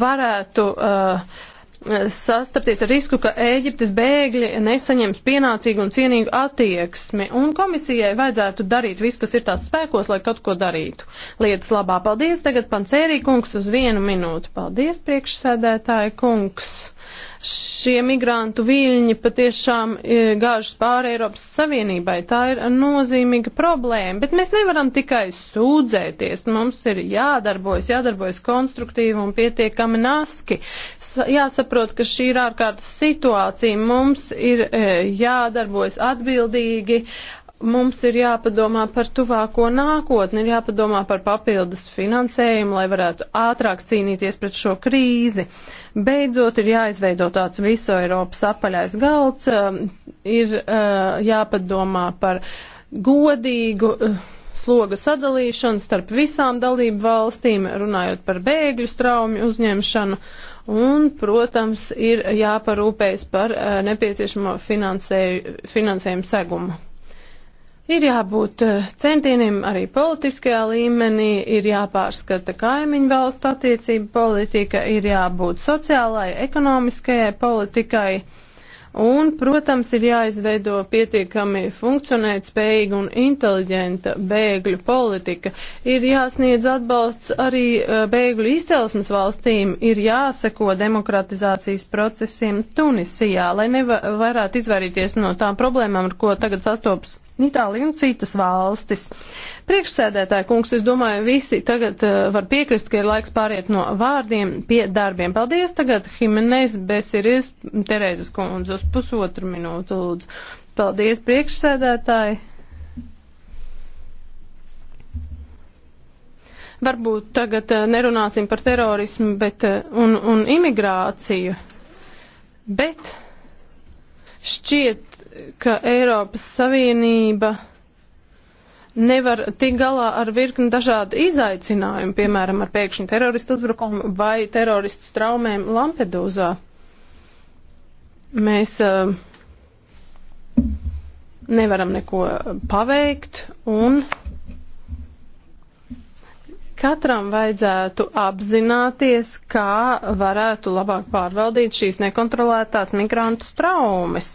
varētu uh, sastapties ar risku, ka Ēģiptes bēgļi nesaņems pienācīgu un cienīgu attieksmi, un komisijai vajadzētu darīt visu, kas ir tās spēkos, lai kaut ko darītu. Lietas labā. Paldies, tagad pancērī kungs uz vienu minūti. Paldies, priekšsēdētāji kungs. Šie migrantu viļņi patiešām e, gāžas pāri Eiropas Savienībai. Tā ir nozīmīga problēma, bet mēs nevaram tikai sūdzēties. Mums ir jādarbojas, jādarbojas konstruktīvi un pietiekami naski. Jāsaprot, ka šī ir ārkārtas situācija. Mums ir e, jādarbojas atbildīgi mums ir jāpadomā par tuvāko nākotni, ir jāpadomā par papildus finansējumu, lai varētu ātrāk cīnīties pret šo krīzi. Beidzot, ir jāizveido tāds viso Eiropas apaļais galds, um, ir uh, jāpadomā par godīgu uh, sloga sadalīšanu starp visām dalību valstīm, runājot par bēgļu straumju uzņemšanu. Un, protams, ir jāparūpējas par uh, nepieciešamo finansējumu segumu. Ir jābūt eh, centieniem arī politiskajā līmenī, ir jāpārskata kaimiņu valstu attiecību politika, ir jābūt sociālai, ekonomiskajai politikai. Un, protams, ir jāizveido pietiekami funkcionēt spējīga un inteliģenta bēgļu politika. Ir jāsniedz atbalsts arī eh, bēgļu izcelsmes valstīm, ir jāseko demokratizācijas procesiem Tunisijā, lai nevarētu izvairīties no tām problēmām, ar ko tagad sastopas Itāliju un citas valstis. Priekšsēdētāji kungs, es domāju, visi tagad uh, var piekrist, ka ir laiks pāriet no vārdiem pie darbiem. Paldies tagad, Himenez Besiris, Terezes kundze, uz pusotru minūtu lūdzu. Paldies, priekšsēdētāji. Varbūt tagad uh, nerunāsim par terorismu bet, uh, un, un imigrāciju, bet šķiet ka Eiropas Savienība nevar tikt galā ar virkni dažādu izaicinājumu, piemēram, ar pēkšņu teroristu uzbrukumu vai teroristu traumēm Lampedūzā. Mēs uh, nevaram neko paveikt un katram vajadzētu apzināties, kā varētu labāk pārvaldīt šīs nekontrolētās migrantu traumas.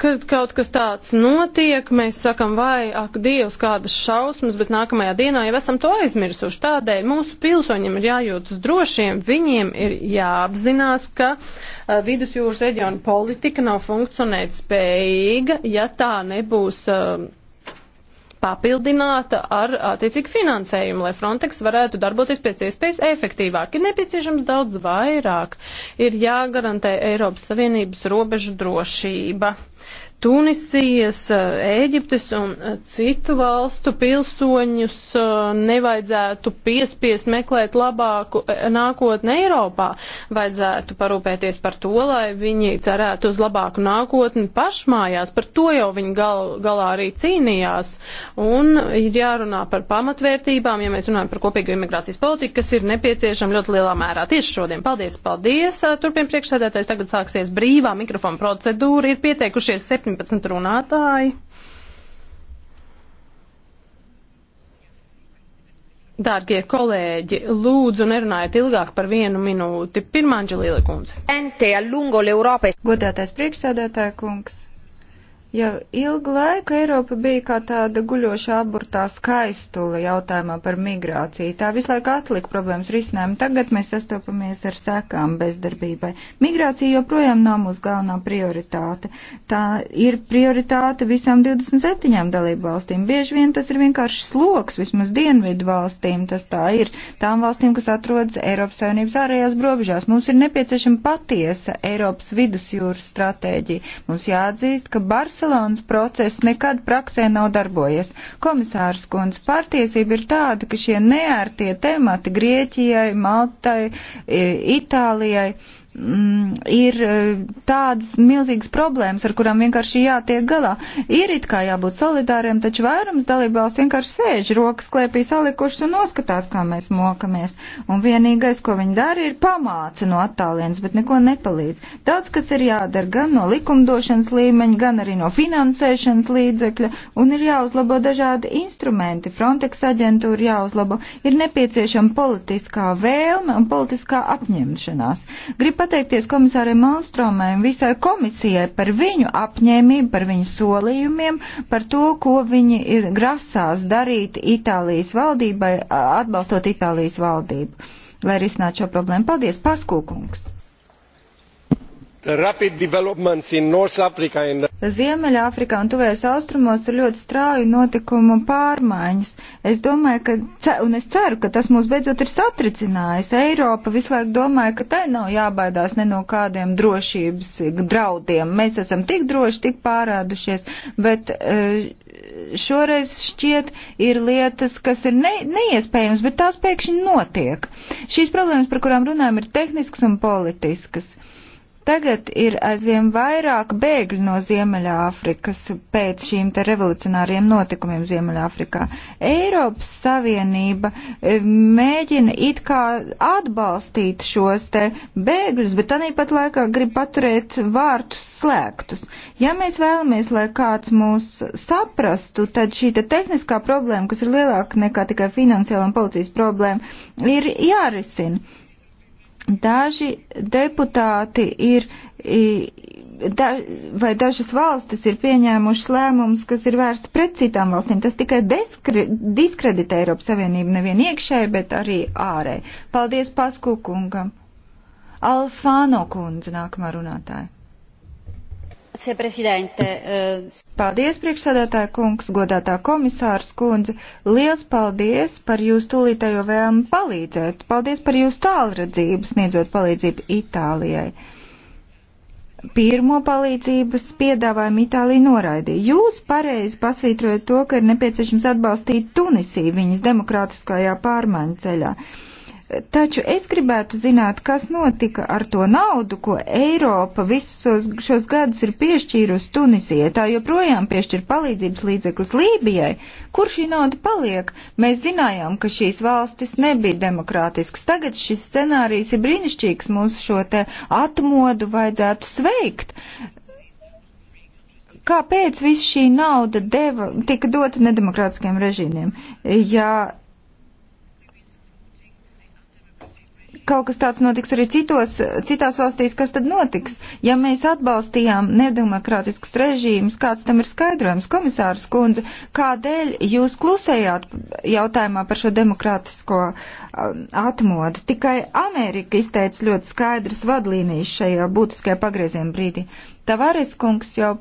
Kad kaut kas tāds notiek, mēs sakam, vai, ak, Dievs, kādas šausmas, bet nākamajā dienā jau esam to aizmirsuši. Tādēļ mūsu pilsoņiem ir jājūtas drošiem, viņiem ir jāapzinās, ka uh, vidusjūras reģiona politika nav funkcionēt spējīga, ja tā nebūs. Uh, papildināta ar attiecīgu finansējumu, lai Frontex varētu darboties pēc iespējas efektīvāk. Ir nepieciešams daudz vairāk. Ir jāgarantē Eiropas Savienības robežu drošība. Uh, Tunisijas, eh, Ēģiptes un eh, citu valstu pilsoņus eh, nevajadzētu piespiest meklēt labāku nākotni Eiropā. Vajadzētu parūpēties par to, lai viņi cerētu uz labāku nākotni pašmājās. Par to jau viņi gal, galā arī cīnījās. Un ir jārunā par pamatvērtībām, ja mēs runājam par kopīgu imigrācijas politiku, kas ir nepieciešama ļoti lielā mērā. Tieši šodien. Paldies, paldies. Turpin priekšsēdētājs tagad sāksies brīvā mikrofona procedūra. Ir pieteikušies septiņi. 18 runātāji. Dārgie kolēģi, lūdzu nerunājiet ilgāk par vienu minūti. Pirmā Anģelīla kundze. Godātais priekšsēdētāja kungs. Jau ilgu laiku Eiropa bija kā tāda guļoša aburtā skaistule jautājumā par migrāciju. Tā visu laiku atlika problēmas risinājumu. Tagad mēs sastopamies ar sekām bezdarbībai. Migrācija joprojām nav mūsu galvenā prioritāte. Tā ir prioritāte visām 27 dalību valstīm. Bieži vien tas ir vienkārši sloks, vismaz dienvidu valstīm tas tā ir. Tām valstīm, kas atrodas Eiropas Savienības ārējās brobežās. Mums ir nepieciešama patiesa Eiropas vidusjūras stratēģija. Mums jāatzīst, ka Bars Barcelonas process nekad praksē nav darbojies. Komisārs kundze, pārtiesība ir tāda, ka šie neērtie temati Grieķijai, Maltai, Itālijai mm, ir e, tādas milzīgas problēmas, ar kurām vienkārši jātiek galā. Ir it kā jābūt solidāriem, taču vairums dalībvalsts vienkārši sēž rokas klēpī salikušas un noskatās, kā mēs mokamies. Un vienīgais, ko viņi dara, ir pamāca no attālienes, bet neko nepalīdz. Daudz, kas ir jādara gan no likumdošanas līmeņa, gan arī no finansēšanas līdzekļa, un ir jāuzlabo dažādi instrumenti. Frontex aģentūra jāuzlabo. Ir nepieciešama politiskā vēlme un politiskā apņemšanās. Grib pateikties komisārai Malstromai un visai komisijai par viņu apņēmību, par viņu solījumiem, par to, ko viņi ir grasās darīt Itālijas valdībai, atbalstot Itālijas valdību, lai risinātu šo problēmu. Paldies, Paskūkungs! Ziemeļāfrikā un Tuvējos austrumos ir ļoti strauji notikumu pārmaiņas. Es domāju, ka, un es ceru, ka tas mūs beidzot ir satricinājis. Eiropa visu laiku domāja, ka tai nav jābaidās ne no kādiem drošības draudiem. Mēs esam tik droši, tik pārādušies, bet eh, šoreiz šķiet ir lietas, kas ir ne, neiespējams, bet tās pēkšņi notiek. Šīs problēmas, par kurām runājam, ir tehniskas un politiskas. Uh, Tagad ir aizvien vairāk bēgļu no Ziemeļāfrikas pēc šīm te revolucionāriem notikumiem Ziemeļāfrikā. Eiropas Savienība eh, mēģina it kā atbalstīt šos te bēgļus, bet tāpat laikā grib paturēt vārtus slēgtus. Ja mēs vēlamies, lai kāds mūs saprastu, tad šī te tehniskā problēma, kas ir lielāka nekā tikai finansiāla un policijas problēma, ir jārisina Daži deputāti ir, da, vai dažas valstis ir pieņēmušas lēmumus, kas ir vērsti pret citām valstīm. Tas tikai deskri, diskreditē Eiropas Savienību nevien iekšēji, bet arī ārēji. Paldies Pasku kungam. Alfāno kundze nākamā runātāja. Eh, paldies, priekšsādātāja kungs, godātā komisārs kundze. Liels paldies par jūsu tūlītējo vēlmu palīdzēt. Paldies par jūsu tālredzību sniedzot palīdzību Itālijai. Pirmo palīdzības piedāvājumu Itālija noraidīja. Jūs pareizi pasvītrojat to, ka ir nepieciešams atbalstīt Tunisiju viņas demokrātiskajā pārmaiņu ceļā. Uh, Taču es gribētu zināt, kas notika ar to naudu, ko Eiropa visus šos gadus ir piešķīrusi Tunisijai. Tā joprojām piešķir palīdzības līdzekļus Lībijai. Kur šī nauda paliek? Mēs zinājām, ka šīs valstis nebija demokrātiskas. Tagad šis scenārijs ir brīnišķīgs. Mums šo te atmodu vajadzētu sveikt kāpēc viss šī nauda deva, tika dota nedemokrātiskiem režīmiem? Ja kaut kas tāds notiks arī citos, citās valstīs, kas tad notiks? Ja mēs atbalstījām nedemokrātiskus režīmus, kāds tam ir skaidrojums, komisārs kundze, kādēļ jūs klusējāt jautājumā par šo demokrātisko um, atmodu? Tikai Amerika izteica ļoti skaidras vadlīnijas šajā būtiskajā pagrieziena brīdī. Tavares kungs jau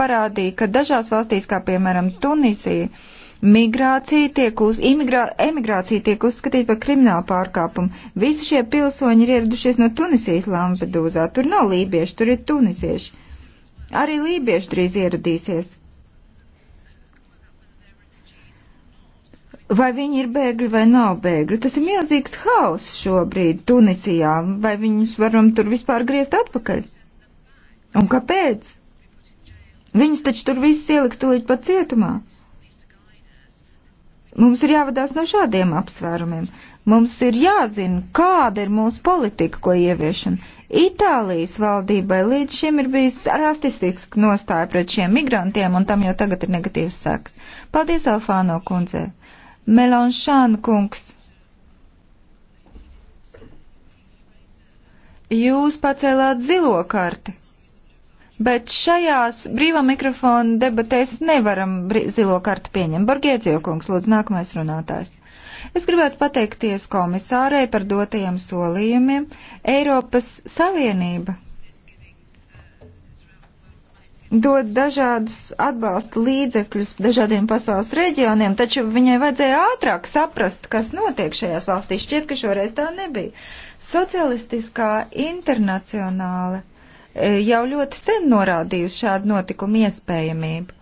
parādīja, ka dažās valstīs, kā piemēram Tunisija, Migrācija tiek uz, imigrā, emigrācija tiek uzskatīta par kriminālu pārkāpumu. Visi šie pilsoņi ir ieradušies no Tunisijas Lampedūzā. Tur nav lībieši, tur ir tunisieši. Arī lībieši drīz ieradīsies. Vai viņi ir bēgļi vai nav bēgļi? Tas ir milzīgs haoss šobrīd Tunisijā. Vai viņus varam tur vispār griezt atpakaļ? Un kāpēc? Viņus taču tur visus ieliks tulīt pat cietumā. Mums ir jāvadās no šādiem apsvērumiem. Mums ir jāzina, kāda ir mūsu politika, ko ieviešam. Itālijas valdībai līdz šim ir bijis rastistisks nostāja pret šiem migrantiem, un tam jau tagad ir negatīvs sāks. Paldies, Alfāno kundze. Melonšāna kungs. Jūs pacēlāt zilo karti bet šajās brīvā mikrofona debatēs nevaram zilo kartu pieņemt. Borgēdziekungs, lūdzu, nākamais runātājs. Es gribētu pateikties komisārei par dotajiem solījumiem. Eiropas Savienība dod dažādus atbalsta līdzekļus dažādiem pasaules reģioniem, taču viņai vajadzēja ātrāk saprast, kas notiek šajās valstīs. Šķiet, ka šoreiz tā nebija. Socialistiskā internacionāla E, jau ļoti sen norādījusi šādu notikumu iespējamību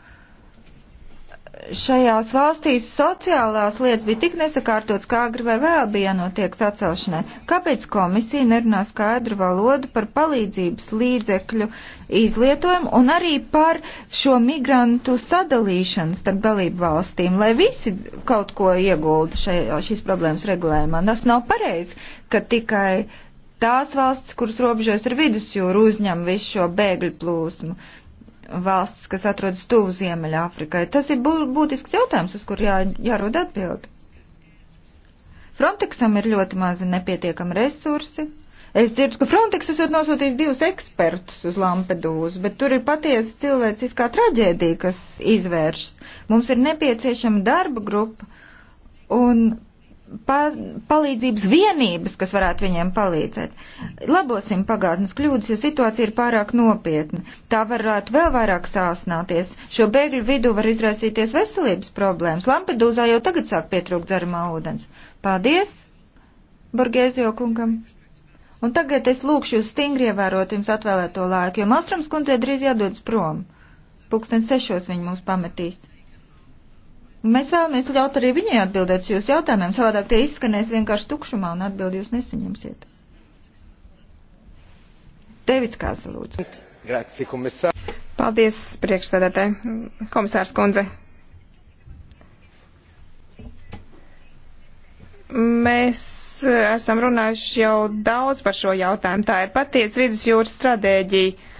šajās valstīs sociālās lietas bija tik nesakārtotas, kā agri vai vēl bija jānotiek sacelšanai. Kāpēc komisija nerunā skaidru valodu par palīdzības līdzekļu izlietojumu un arī par šo migrantu sadalīšanu starp dalību valstīm, lai visi kaut ko ieguldu šajā, šīs problēmas regulējumā? Tas nav pareizi, ka tikai tās valsts, kuras robežos ar vidusjūru uzņem visu šo bēgļu plūsmu, valsts, kas atrodas tuvu Ziemeļāfrikai. Tas ir būtisks jautājums, uz kur jā, jārod atbildi. Frontexam ir ļoti mazi nepietiekami resursi. Es dzirdu, ka Frontex esot nosūtījis divus ekspertus uz Lampedūzu, bet tur ir patiesa cilvēciskā traģēdija, kas izvēršas. Mums ir nepieciešama darba grupa, un pa, palīdzības vienības, kas varētu viņiem palīdzēt. Labosim pagātnes kļūdas, jo situācija ir pārāk nopietna. Tā varētu vēl vairāk sāsnāties. Šo bēgļu vidū var izraisīties veselības problēmas. Lampedūzā jau tagad sāk pietrūkt dzeramā ūdens. Paldies, Borgēzio kungam! Un tagad es lūkšu jūs stingri ievērot jums atvēlēto laiku, jo Malstrums kundzei drīz jādodas prom. Pūkstens sešos viņi mūs pametīs. Mēs vēlamies ļaut arī viņai atbildēt uz jūsu jautājumiem, savādāk tie izskanēs vienkārši tukšumā un atbildi jūs nesaņemsiet. Devits Kāsa, lūdzu. Grazie, komisār. Paldies, priekšsēdētāji. Komisārs Kundze. Mēs e, esam runājuši jau daudz par šo jautājumu. Tā ir patiesa vidusjūras stratēģija.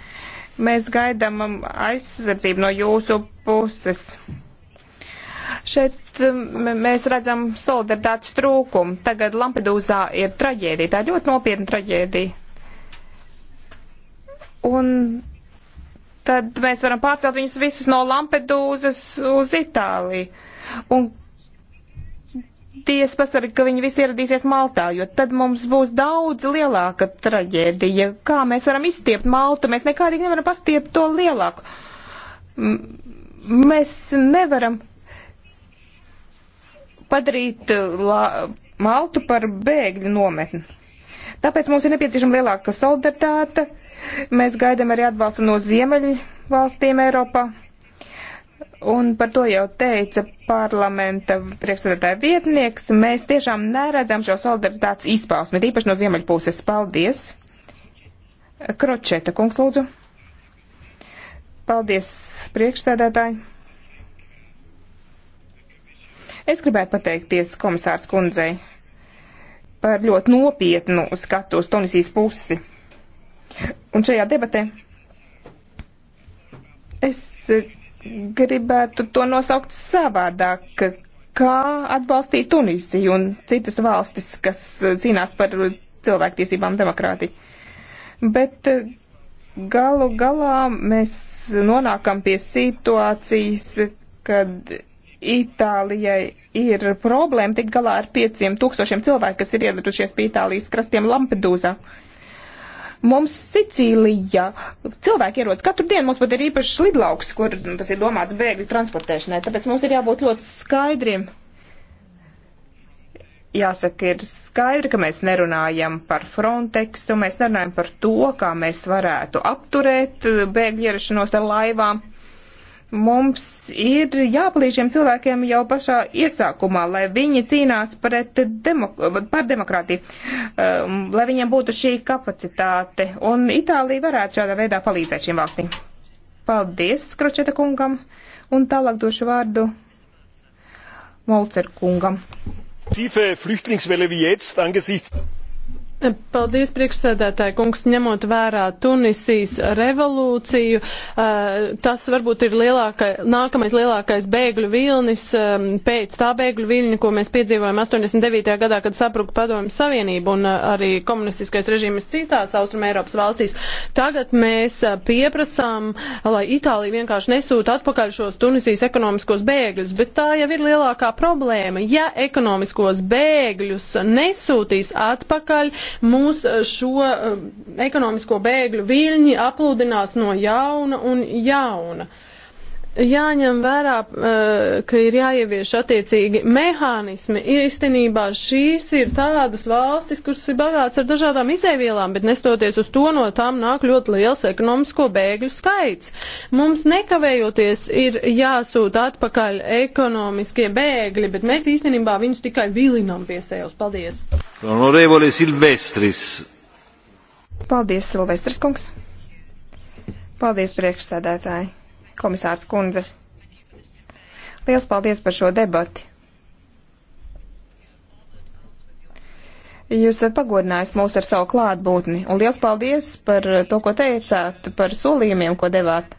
Mēs gaidām um, aizsardzību no jūsu puses. Šeit um, mēs redzam solidaritātes trūkumu. Tagad Lampedūzā ir traģēdija, tā ir ļoti nopietna traģēdija. Un tad mēs varam pārcelt viņus visus no Lampedūzas uz Itāliju. Un Dievs pasargi, ka viņi visi ieradīsies Maltā, jo tad mums būs daudz lielāka traģēdija. Kā mēs varam izstiept Maltu? Mēs nekādīgi nevaram pastiept to lielāku. M mēs nevaram padarīt eh, la, Maltu par bēgļu nometni. Tāpēc mums ir nepieciešama lielāka solidaritāte. Mēs gaidām arī atbalstu no ziemeļu valstīm Eiropā. Un par to jau teica parlamenta priekšstādātāja vietnieks. Mēs tiešām neredzam šo solidaritātes izpausmi, tīpaši no ziemeļpuses. Paldies! Kročeta kungs lūdzu. Paldies, priekšstādātāji! Es gribētu pateikties komisārs kundzei par ļoti nopietnu skatu uz Tunisijas pusi. Un šajā debatē es gribētu to nosaukt savādāk, kā atbalstīt Tunisiju un citas valstis, kas cīnās par cilvēktiesībām demokrātiju. Bet galu galā mēs nonākam pie situācijas, kad Itālijai ir problēma tikt galā ar pieciem tūkstošiem cilvēku, kas ir ieradušies pie Itālijas krastiem Lampedūzā. Mums Sicīlija cilvēki ierodas katru dienu, mums pat ir īpašs lidlauks, kur nu, tas ir domāts bēgļu transportēšanai, tāpēc mums ir jābūt ļoti skaidriem. Jāsaka, ir skaidri, ka mēs nerunājam par Frontexu, mēs nerunājam par to, kā mēs varētu apturēt eh, bēgļu ierašanos ar laivām mums ir jāpalīdz šiem cilvēkiem jau pašā iesākumā, lai viņi cīnās pret demok par demokrātiju, um, lai viņiem būtu šī kapacitāte. Un Itālija varētu šādā veidā palīdzēt šiem valstīm. Paldies Kročeta kungam, un tālāk došu vārdu Molcer kungam. Tiefe Flüchtlingswelle wie jetzt angesichts Paldies, priekšsēdētāji kungs, ņemot vērā Tunisijas revolūciju. Tas varbūt ir lielākai, nākamais lielākais bēgļu vilnis pēc tā bēgļu viļņa, ko mēs piedzīvojam 89. gadā, kad sabruka Padomju Savienība un arī komunistiskais režīms citās Austrum Eiropas valstīs. Tagad mēs pieprasām, lai Itālija vienkārši nesūta atpakaļ šos Tunisijas ekonomiskos bēgļus, bet tā jau ir lielākā problēma. Ja ekonomiskos bēgļus nesūtīs atpakaļ, Mūs eh, šo eh, ekonomisko bēgļu viļņi aplūdinās no jauna un jauna jāņem vērā, eh, ka ir jāievieš attiecīgi mehānismi. Ir īstenībā šīs ir tādas valstis, kuras ir bagātas ar dažādām izēvielām, bet nestoties uz to no tām nāk ļoti liels ekonomisko bēgļu skaits. Mums nekavējoties ir jāsūta atpakaļ ekonomiskie bēgļi, bet mēs īstenībā viņus tikai vilinam pie sevis. Paldies! Honorevole Silvestris! Paldies, Silvestris kungs! Paldies, priekšsēdētāji! komisārs kundze. Liels paldies par šo debati. Jūs esat pagodinājis mūs ar savu klātbūtni, un liels paldies par to, ko teicāt, par solījumiem, ko devāt.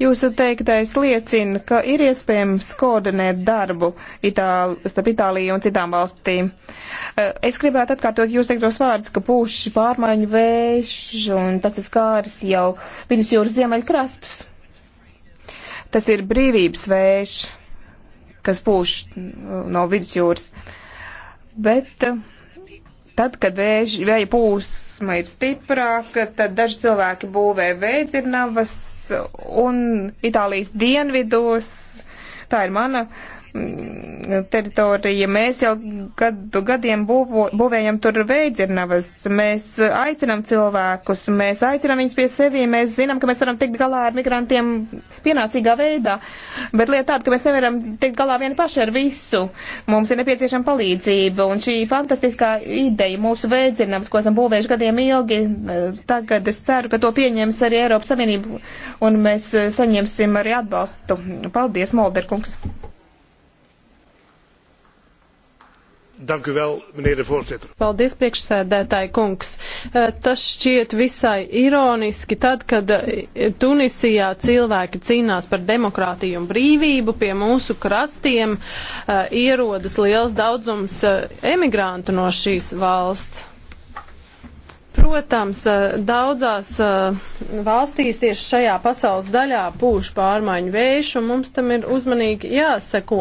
Jūsu teiktais liecina, ka ir iespējams koordinēt darbu Itāli, starp Itāliju un citām valstīm. Eh, es gribētu atkārtot jūs teiktos vārdus, ka pūši pārmaiņu vējš un tas ir skāris jau vidus jūras ziemeļkrastus. Tas ir brīvības vējš, kas pūš eh, no vidus jūras. Bet eh, tad, kad vēž, vēja pūs attieksme ir stiprāka, tad daži cilvēki būvē vēdzirnavas un Itālijas dienvidos, tā ir mana teritorija. Mēs jau gadu gadiem būvo, būvējam tur veidzirnavas, mēs aicinām cilvēkus, mēs aicinām viņus pie sevi, mēs zinām, ka mēs varam tikt galā ar migrantiem pienācīgā veidā, bet lieta tāda, ka mēs nevaram tikt galā vieni paši ar visu. Mums ir nepieciešama palīdzība, un šī fantastiskā ideja mūsu veidzirnavas, ko esam būvējuši gadiem ilgi, tagad es ceru, ka to pieņems arī Eiropas Savienība, un mēs saņemsim arī atbalstu. Paldies, Molderkungs! Paldies, priekšsēdētāji kungs. Eh, tas šķiet visai ironiski, tad, kad eh, Tunisijā cilvēki cīnās par demokrātiju un brīvību, pie mūsu krastiem eh, ierodas liels daudzums emigrantu no šīs valsts. Protams, daudzās valstīs tieši šajā pasaules daļā pūš pārmaiņu vējš, un mums tam ir uzmanīgi jāseko.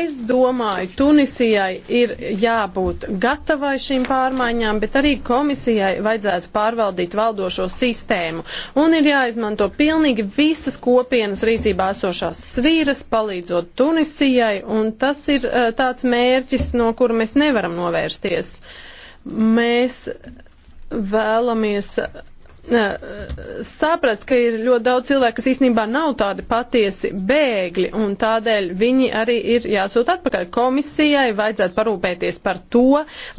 Es domāju, Tunisijai ir jābūt gatavai šīm pārmaiņām, bet arī komisijai vajadzētu pārvaldīt valdošo sistēmu. Un ir jāizmanto pilnīgi visas kopienas rīcībā esošās svīras, palīdzot Tunisijai, un tas ir tāds mērķis, no kura mēs nevaram novērsties. Mēs vēlamies saprast, ka ir ļoti daudz cilvēku, kas īstenībā nav tādi patiesi bēgļi, un tādēļ viņi arī ir jāsūt atpakaļ. Komisijai vajadzētu parūpēties par to,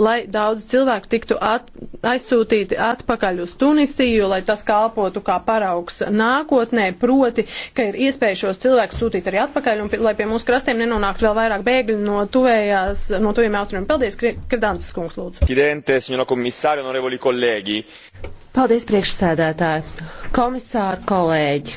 lai daudz cilvēku tiktu at, aizsūtīti atpakaļ uz Tunisiju, lai tas kalpotu kā paraugs nākotnē, proti, ka ir iespēja šos cilvēkus sūtīt arī atpakaļ, un lai pie mūsu krastiem nenonāktu vēl vairāk bēgļi no, tuvējās, no tuviem austrumiem. Paldies, Kredantas kungs, lūdzu. Presidente, signora commissario, onorevoli colleghi. Paldies, priekšsēdētāji, komisāri, kolēģi!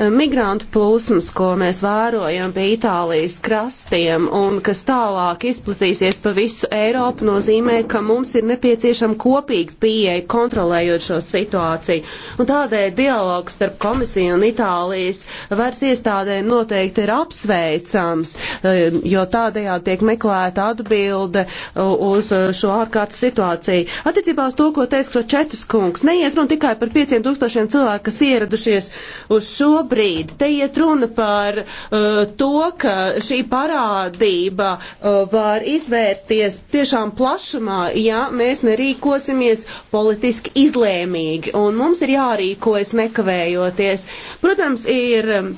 Eh, migrantu plūsmas, ko mēs vērojam pie Itālijas krastiem un kas tālāk izplatīsies pa visu Eiropu, nozīmē, ka mums ir nepieciešama kopīga pieeja kontrolējot šo situāciju. Un tādēļ dialogs starp komisiju un Itālijas varas iestādēm noteikti ir apsveicams, eh, jo tādējādi tiek meklēta atbilde eh, uz šo ārkārtas situāciju. Attiecībā uz to, ko teica Kročetis kungs, neiet runa tikai par 5000 cilvēku, kas ieradušies uz šo Šobrīd te iet runa par uh, to, ka šī parādība uh, var izvērsties tiešām plašumā, ja mēs nerīkosimies politiski izlēmīgi. Un mums ir jārīkojas nekavējoties. Protams, ir. Um,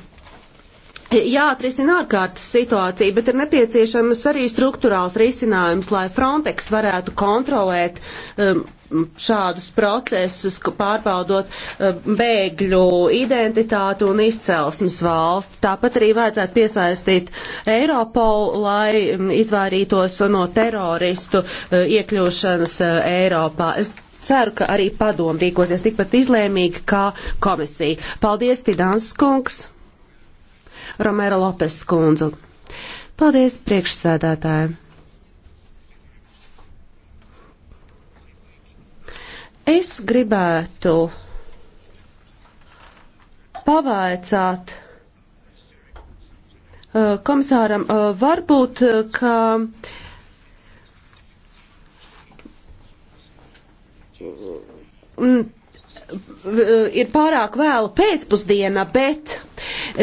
Jāatrisina ārkārtas situācija, bet ir nepieciešamas arī struktūrāls risinājums, lai Frontex varētu kontrolēt um, šādus procesus, pārbaudot um, bēgļu identitātu un izcelsmes valstu. Tāpat arī vajadzētu piesaistīt Eiropolu, lai um, izvairītos no teroristu uh, iekļūšanas uh, Eiropā. Es ceru, ka arī padomu rīkosies tikpat izlēmīgi kā komisija. Paldies, Fidans Kungs! Romero Lopes kundzu. Paldies priekšsēdētājiem! Es gribētu pavaicāt uh, komisāram, uh, varbūt, uh, ka mm, Eh, ir pārāk vēlu pēcpusdienā, bet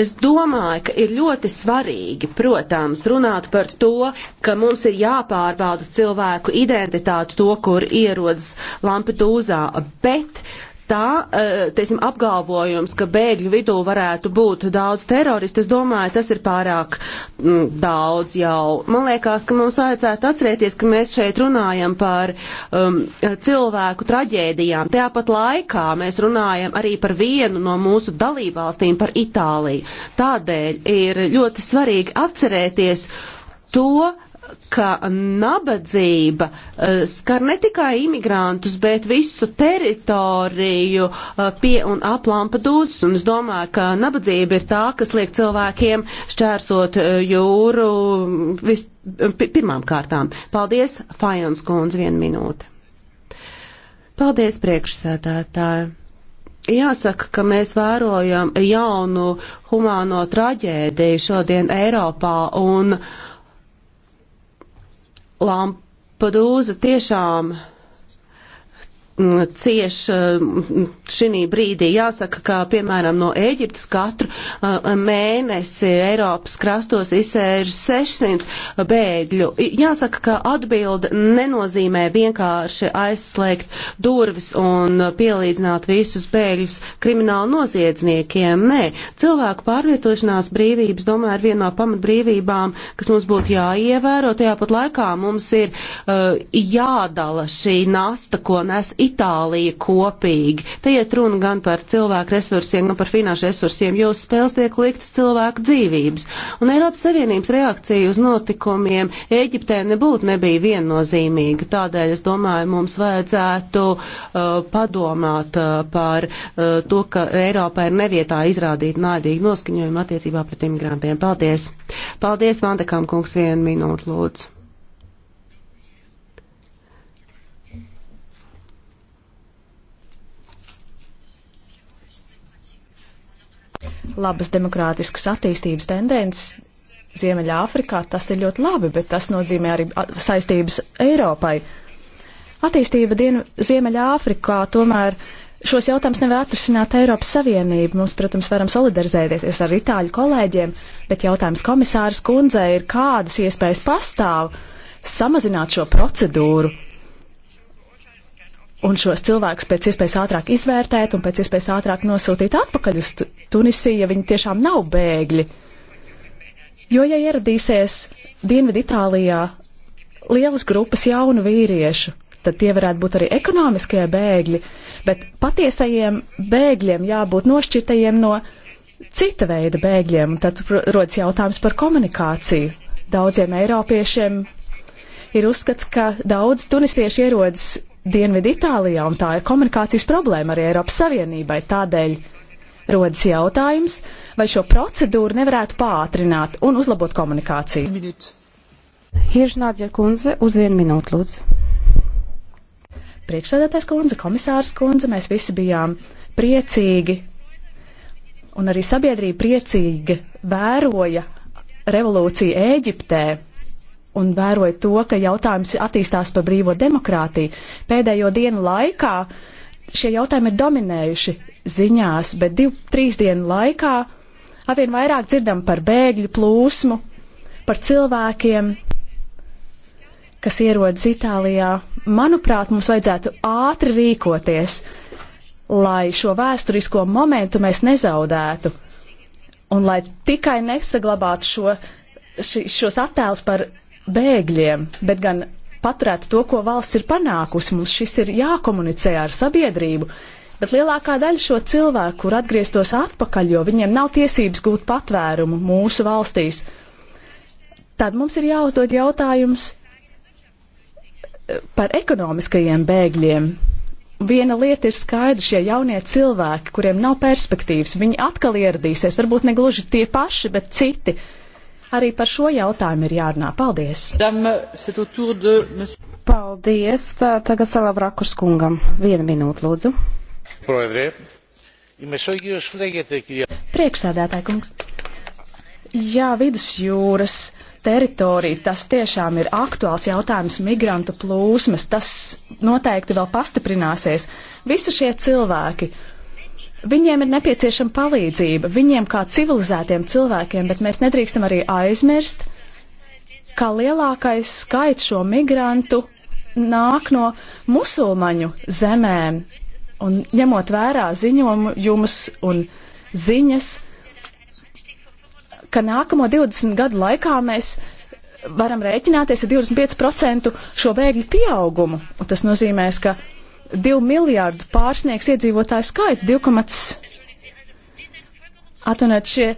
es domāju, ka ir ļoti svarīgi, protams, runāt par to, ka mums ir jāpārbauda cilvēku identitāti, to, kur ierodas Lampedūzā, bet tā, eh, teiksim, apgalvojums, ka bēgļu vidū varētu būt daudz teroristu, es domāju, tas ir pārāk m, mm, daudz jau. Man liekas, ka mums vajadzētu atcerēties, ka mēs šeit runājam par um, cilvēku traģēdijām. Tāpat laikā mēs runājam arī par vienu no mūsu dalībvalstīm, par Itāliju. Tādēļ ir ļoti svarīgi atcerēties to, ka nabadzība eh, skar ne tikai imigrantus, bet visu teritoriju eh, pie un ap Lampedūzas. Un es domāju, ka nabadzība ir tā, kas liek cilvēkiem šķērsot eh, jūru vis, pirmām kārtām. Paldies, Fajons kundze, vienu minūti. Paldies, priekšsēdētāji. Jāsaka, ka mēs vērojam jaunu humāno traģēdiju šodien Eiropā un uh, Lampedūza tiešām cieš šī brīdī. Jāsaka, ka piemēram no Ēģiptes katru mēnesi Eiropas krastos izsēž 600 bēgļu. Jāsaka, ka atbilde nenozīmē vienkārši aizslēgt durvis un pielīdzināt visus bēgļus kriminālu noziedzniekiem. Nē, cilvēku pārvietošanās brīvības, domāju, ir viena no pamatbrīvībām, kas mums būtu jāievēro. Tajāpat laikā mums ir uh, jādala šī nasta, ko nes it Itālija kopīgi. Te iet runa gan par cilvēku resursiem, gan par finanšu resursiem, jo uz spēles tiek liktas cilvēku dzīvības. Un Eiropas Savienības reakcija uz notikumiem Ēģiptē nebūtu nebija viennozīmīga. Tādēļ, es domāju, mums vajadzētu uh, padomāt uh, par uh, to, ka Eiropā ir nevietā izrādīt naidīgu noskaņojumu attiecībā pret imigrantiem. Paldies! Paldies, Vandekam kungs, vienu minūtu lūdzu. labas demokrātiskas attīstības tendences Ziemeļāfrikā, tas ir ļoti labi, bet tas nozīmē arī saistības Eiropai. Attīstība dienu Ziemeļāfrikā tomēr šos jautājumus nevar atrisināt Eiropas Savienība. Mums, protams, varam solidarizēties ar itāļu kolēģiem, bet jautājums komisāras kundzei ir, kādas iespējas pastāv samazināt šo procedūru, un šos cilvēkus pēc iespējas ātrāk izvērtēt un pēc iespējas ātrāk nosūtīt atpakaļ uz Tunisiju, ja viņi tiešām nav bēgļi. Jo, ja ieradīsies Dienvidu Itālijā lielas grupas jaunu vīriešu, tad tie varētu būt arī ekonomiskie bēgļi, bet patiesajiem bēgļiem jābūt nošķirtajiem no cita veida bēgļiem. Tad rodas jautājums par komunikāciju. Daudziem eiropiešiem ir uzskats, ka daudz tunisieši ierodas Dienvidu Itālijā, un tā ir komunikācijas problēma arī Eiropas Savienībai. Tādēļ rodas jautājums, vai šo procedūru nevarētu pātrināt un uzlabot komunikāciju. Hiršnādja kundze, uz vienu minūtu lūdzu. Priekšsēdētājs kundze, komisārs kundze, mēs visi bijām priecīgi un arī sabiedrība priecīgi vēroja revolūciju Ēģiptē un vēroju to, ka jautājums attīstās par brīvo demokrātiju. Pēdējo dienu laikā šie jautājumi ir dominējuši ziņās, bet divu, trīs dienu laikā arvien vairāk dzirdam par bēgļu plūsmu, par cilvēkiem, kas ierodas Itālijā. Manuprāt, mums vajadzētu ātri rīkoties, lai šo vēsturisko momentu mēs nezaudētu un lai tikai nesaglabātu šo, ši, šos attēlus par bēgļiem, bet gan paturēt to, ko valsts ir panākusi. Mums šis ir jākomunicē ar sabiedrību, bet lielākā daļa šo cilvēku, kur atgrieztos atpakaļ, jo viņiem nav tiesības gūt patvērumu mūsu valstīs, tad mums ir jāuzdod jautājums eh, par ekonomiskajiem bēgļiem. Viena lieta ir skaidra, šie jaunie cilvēki, kuriem nav perspektīvas, viņi atkal ieradīsies, varbūt ne gluži tie paši, bet citi. Uh, Arī par šo jautājumu ir jārunā. Paldies! Paldies! Tā, tagad Salavrakus kungam. Vienu minūtu, lūdzu. Priekšsēdētāji kungs. Jā, vidusjūras teritorija, tas tiešām ir aktuāls jautājums migrantu plūsmas, tas noteikti vēl pastiprināsies. Visi šie cilvēki, Viņiem ir nepieciešama palīdzība, viņiem kā civilizētiem cilvēkiem, bet mēs nedrīkstam arī aizmirst, ka lielākais skaits šo migrantu nāk no musulmaņu zemēm. Un ņemot vērā ziņojumus un ziņas, ka nākamo 20 gadu laikā mēs varam rēķināties ar 25% šo bēgļu pieaugumu. Un tas nozīmēs, ka 2 miljārdu pārsniegs iedzīvotāju skaits, 2, atvainojiet, šie,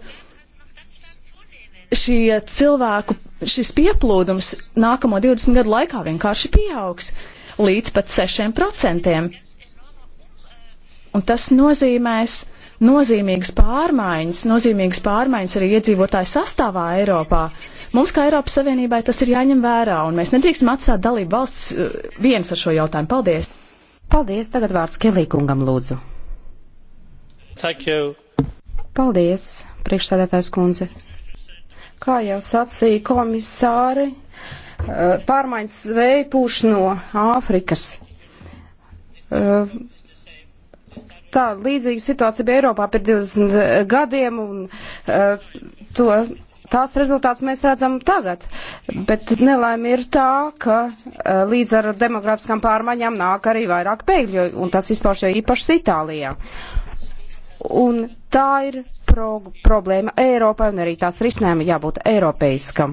šie cilvēku, šis pieplūdums nākamo 20 gadu laikā vienkārši pieaugs līdz pat 6%. Un tas nozīmēs nozīmīgas pārmaiņas, nozīmīgas pārmaiņas arī iedzīvotāju sastāvā Eiropā. Mums, kā Eiropas Savienībai, tas ir jāņem vērā, un mēs nedrīkstam atstāt dalību valsts uh, viens ar šo jautājumu. Paldies! Paldies, tagad vārds Kelīkungam lūdzu. Thank you. Paldies, priekšsēdētājs kundze. Kā jau sacīja komisāri, eh, pārmaiņas vēja pūš no Āfrikas. Eh, tā līdzīga situācija bija Eiropā pirms 20 gadiem, un eh, to tās rezultāts mēs redzam tagad, bet nelaime ir tā, ka eh, līdz ar demografiskām pārmaiņām nāk arī vairāk bēgļu, un tas izpauž jau īpaši Itālijā. Un tā ir pro problēma Eiropai, un arī tās risinājuma jābūt eiropeiskam.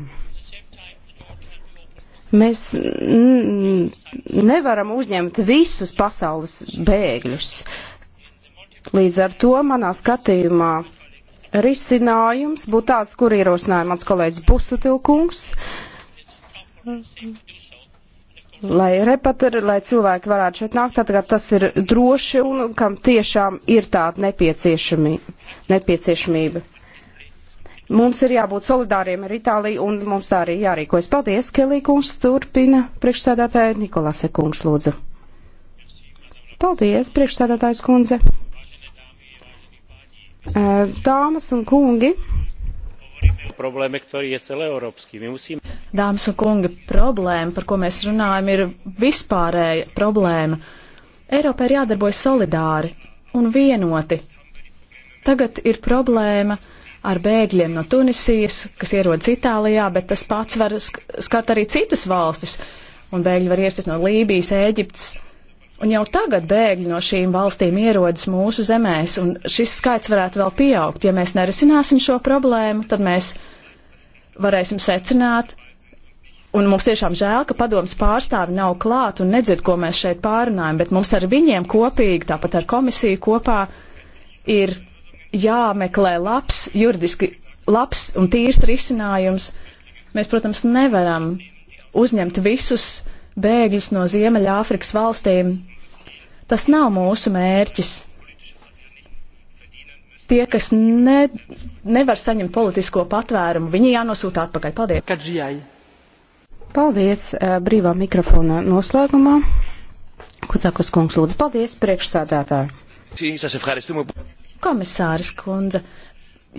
Mēs nevaram uzņemt visus pasaules bēgļus. Līdz ar to manā skatījumā risinājums būtu tāds, kur ierosināja mans kolēģis Busutilkungs, lai repatri, lai cilvēki varētu šeit nākt, tad, kad tas ir droši un kam tiešām ir tāda nepieciešamība. Mums ir jābūt solidāriem ar Itāliju un mums tā arī jārīkojas. Paldies, Kelī kungs, turpina priekšsēdētāja Nikolase kungs, lūdzu. Paldies, priekšsēdētājs kundze. Eh, dāmas un kungi, problēma, ktorý je celoeurópsky. My musíme... Dāmas un kungi, problēma, par ko mēs runājam, ir vispārēja problēma. Eiropai ir jādarbojas solidāri un vienoti. Tagad ir problēma ar bēgļiem no Tunisijas, kas ierodas Itālijā, bet tas pats var skart arī citas valstis, un bēgļi var iesties no Lībijas, Ēģiptes. Un jau tagad bēgļi no šīm valstīm ierodas mūsu zemēs, un šis skaits varētu vēl pieaugt. Ja mēs nerisināsim šo problēmu, tad mēs varēsim secināt, un mums tiešām žēl, ka padomas pārstāvi nav klāt un nedzird, ko mēs šeit pārunājam, bet mums ar viņiem kopīgi, tāpat ar komisiju kopā, ir jāmeklē labs, juridiski labs un tīrs risinājums. Mēs, protams, nevaram uzņemt visus uh, bēgļus no Ziemeļāfrikas valstīm. Tas nav mūsu mērķis. Tie, kas ne, nevar saņemt politisko patvērumu, viņi jānosūta atpakaļ. Paldies! Kadžijai. Paldies! Brīvā mikrofona noslēgumā. Kucākos kungs lūdzu. Paldies, priekšsādātāji! Komisāris kundze,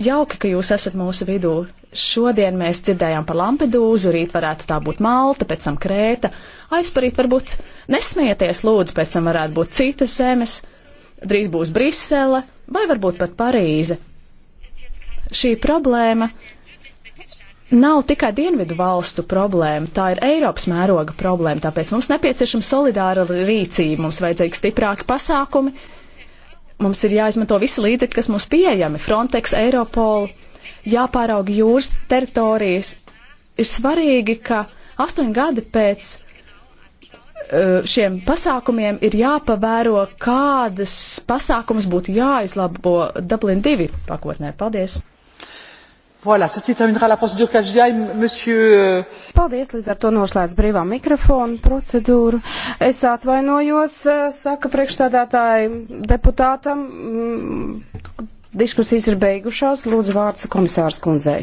jauki, ka jūs esat mūsu vidū. Šodien mēs dzirdējām par Lampedūzu, rīt varētu tā būt Malta, pēc tam Krēta, aizparīt varbūt nesmieties lūdzu, pēc tam varētu būt citas zemes, drīz būs Brisele vai varbūt pat Parīze. Šī problēma nav tikai dienvidu valstu problēma, tā ir Eiropas mēroga problēma, tāpēc mums nepieciešama solidāra rīcība, mums vajadzīgi stiprāki pasākumi, mums ir jāizmanto visi līdzekļi, kas mums pieejami - Frontex, Eiropola jāpāraug jūras teritorijas. Ir svarīgi, ka astoņi gadi pēc uh, šiem pasākumiem ir jāpavēro, kādas pasākumas būtu jāizlabo Dublin 2 pakotnē. Paldies! Voilà, ceci terminera la procédure KGI, monsieur. Euh, Paldies, līdz ar to noslēdz brīvā mikrofona procedūru. Es atvainojos, euh, saka priekšstādātāji deputātam. Mm, Diskusijas ir beigušās. Lūdzu vārds komisārs kundzei.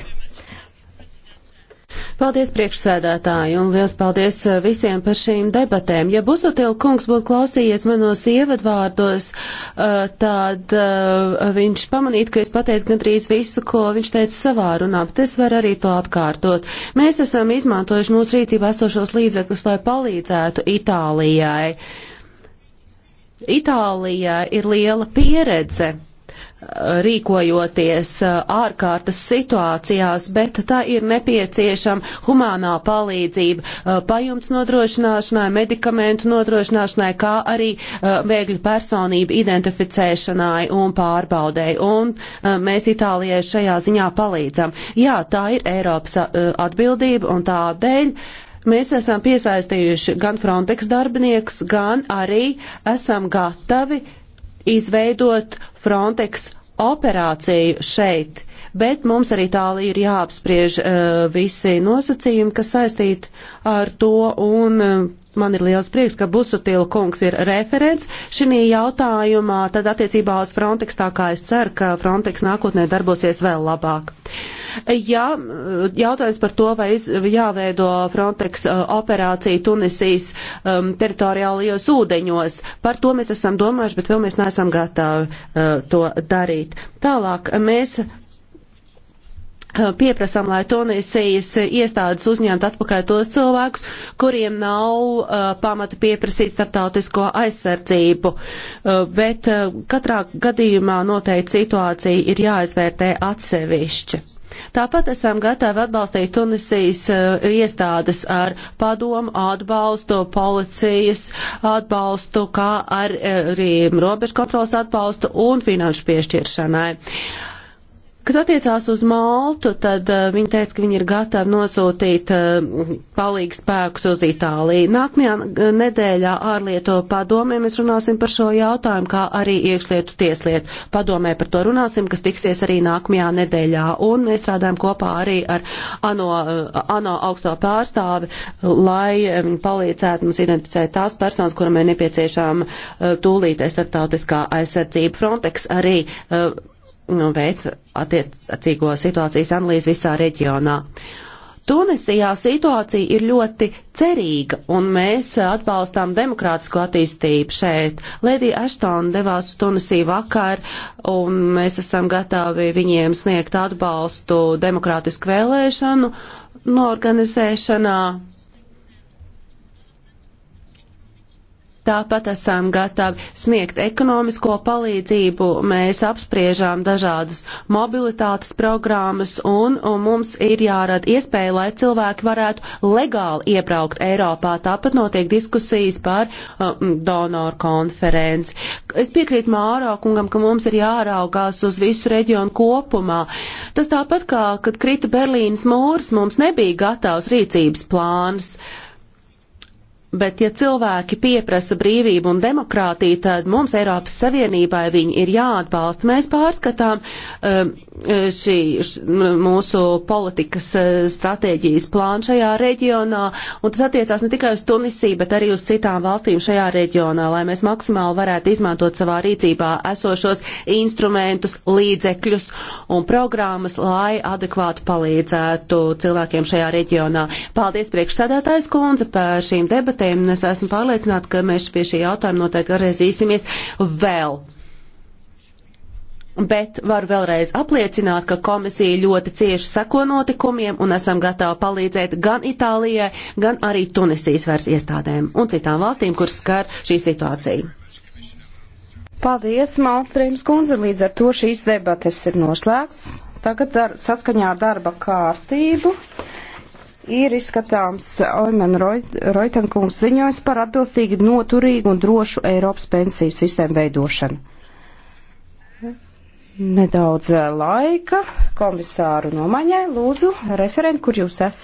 Paldies priekšsēdētāji un liels paldies uh, visiem par šīm debatēm. Ja Buzotil kungs būtu klausījies manos ievadvārdos, uh, tad uh, viņš pamanītu, ka es pateicu gandrīz visu, ko viņš teica savā runā, bet es varu arī to atkārtot. Mēs esam izmantojuši mūsu rīcībā esošos līdzekļus, lai palīdzētu Itālijai. Itālijā ir liela pieredze rīkojoties uh, ārkārtas situācijās, bet tā ir nepieciešama humānā palīdzība uh, pajumts nodrošināšanai, medikamentu nodrošināšanai, kā arī uh, bēgļu personību identificēšanai un pārbaudēji. Un mēs Itālijai šajā ziņā palīdzam. Jā, tā ir Eiropas atbildība un tādēļ. Mēs esam piesaistījuši gan Frontex darbiniekus, gan arī esam gatavi uh, izveidot Frontex operāciju šeit, bet mums arī tālī ir jāapspriež uh, visi nosacījumi, kas saistīti ar to, un uh, Man ir liels prieks, ka Busutila kungs ir referents šī jautājumā, tad attiecībā uz Frontex, tā kā es ceru, ka Frontex nākotnē darbosies vēl labāk. Ja jautājums par to, vai jāveido Frontex uh, operācija Tunisijas um, teritoriālajos ūdeņos, par to mēs esam domājuši, bet vēl mēs neesam gatavi uh, to darīt. Tālāk mēs pieprasām, lai Tunisijas iestādes uzņemtu atpakaļ tos cilvēkus, kuriem nav uh, pamata pieprasīt starptautisko aizsardzību. Uh, bet uh, katrā gadījumā noteikti situācija ir jāizvērtē atsevišķi. Tāpat esam gatavi atbalstīt Tunisijas uh, iestādes ar padomu atbalstu, policijas atbalstu, kā ar, arī robežu kontrols atbalstu un finanšu piešķiršanai. Uh, Kas attiecās uz Maltu, tad uh, viņi teica, ka viņi ir gatavi nosūtīt uh, eh, palīgu spēkus uz Itāliju. Nākamajā eh, nedēļā ārlieto padomē mēs runāsim par šo jautājumu, kā arī iekšlietu tieslietu padomē par to runāsim, kas tiksies arī nākamajā nedēļā. Un mēs strādājam kopā arī ar ANO, uh, ANO augsto pārstāvi, lai viņi um, palīdzētu mums identificēt tās personas, kuram ir nepieciešama uh, tūlītē starptautiskā aizsardzība. Frontex arī uh, veic attiecīgo situācijas analīzi visā reģionā. Tunisijā situācija ir ļoti cerīga, un mēs atbalstām demokrātisko attīstību šeit. Lēdija Ashtona devās uz Tunisiju vakar, un mēs esam gatavi viņiem sniegt atbalstu demokrātisku vēlēšanu noorganizēšanā. Tāpat esam gatavi sniegt ekonomisko palīdzību, mēs apspriežām dažādas mobilitātes programmas un, un mums ir jārada iespēja, lai cilvēki varētu legāli iebraukt Eiropā. Tāpat notiek diskusijas par um, donoru konferenci. Es piekrītu Māro kungam, ka mums ir jāraugās uz visu reģionu kopumā. Tas tāpat kā, kad krita Berlīnas mūrs, mums nebija gatavs rīcības plāns. Uh, Bet, ja cilvēki pieprasa brīvību un demokrātiju, tad mums Eiropas Savienībai viņi ir jāatbalsta. Mēs pārskatām eh, šī mūsu politikas eh, stratēģijas plānu šajā reģionā, un tas attiecās ne tikai uz Tunisiju, bet arī uz citām valstīm šajā reģionā, lai mēs maksimāli varētu izmantot savā rīcībā esošos instrumentus, līdzekļus un programmas, lai adekvāti palīdzētu cilvēkiem šajā reģionā. Paldies priekšsēdētājs kundze par šīm debatēm debatēm, un es esmu pārliecināta, ka mēs pie šī jautājuma noteikti atgriezīsimies vēl. Bet var vēlreiz apliecināt, ka komisija ļoti cieši seko notikumiem un esam gatavi palīdzēt gan Itālijai, gan arī Tunisijas vairs iestādēm un citām valstīm, kuras skar šī situācija. Paldies, Malstrīms kundze, līdz ar to šīs debates ir noslēgts. Tagad ar, saskaņā ar darba kārtību ir izskatāms Oimen Roitenkungs ziņojums par atbilstīgi noturīgu un drošu Eiropas pensiju sistēmu veidošanu. Nedaudz eh, laika komisāru nomaņai, lūdzu, referenti, kur jūs esat.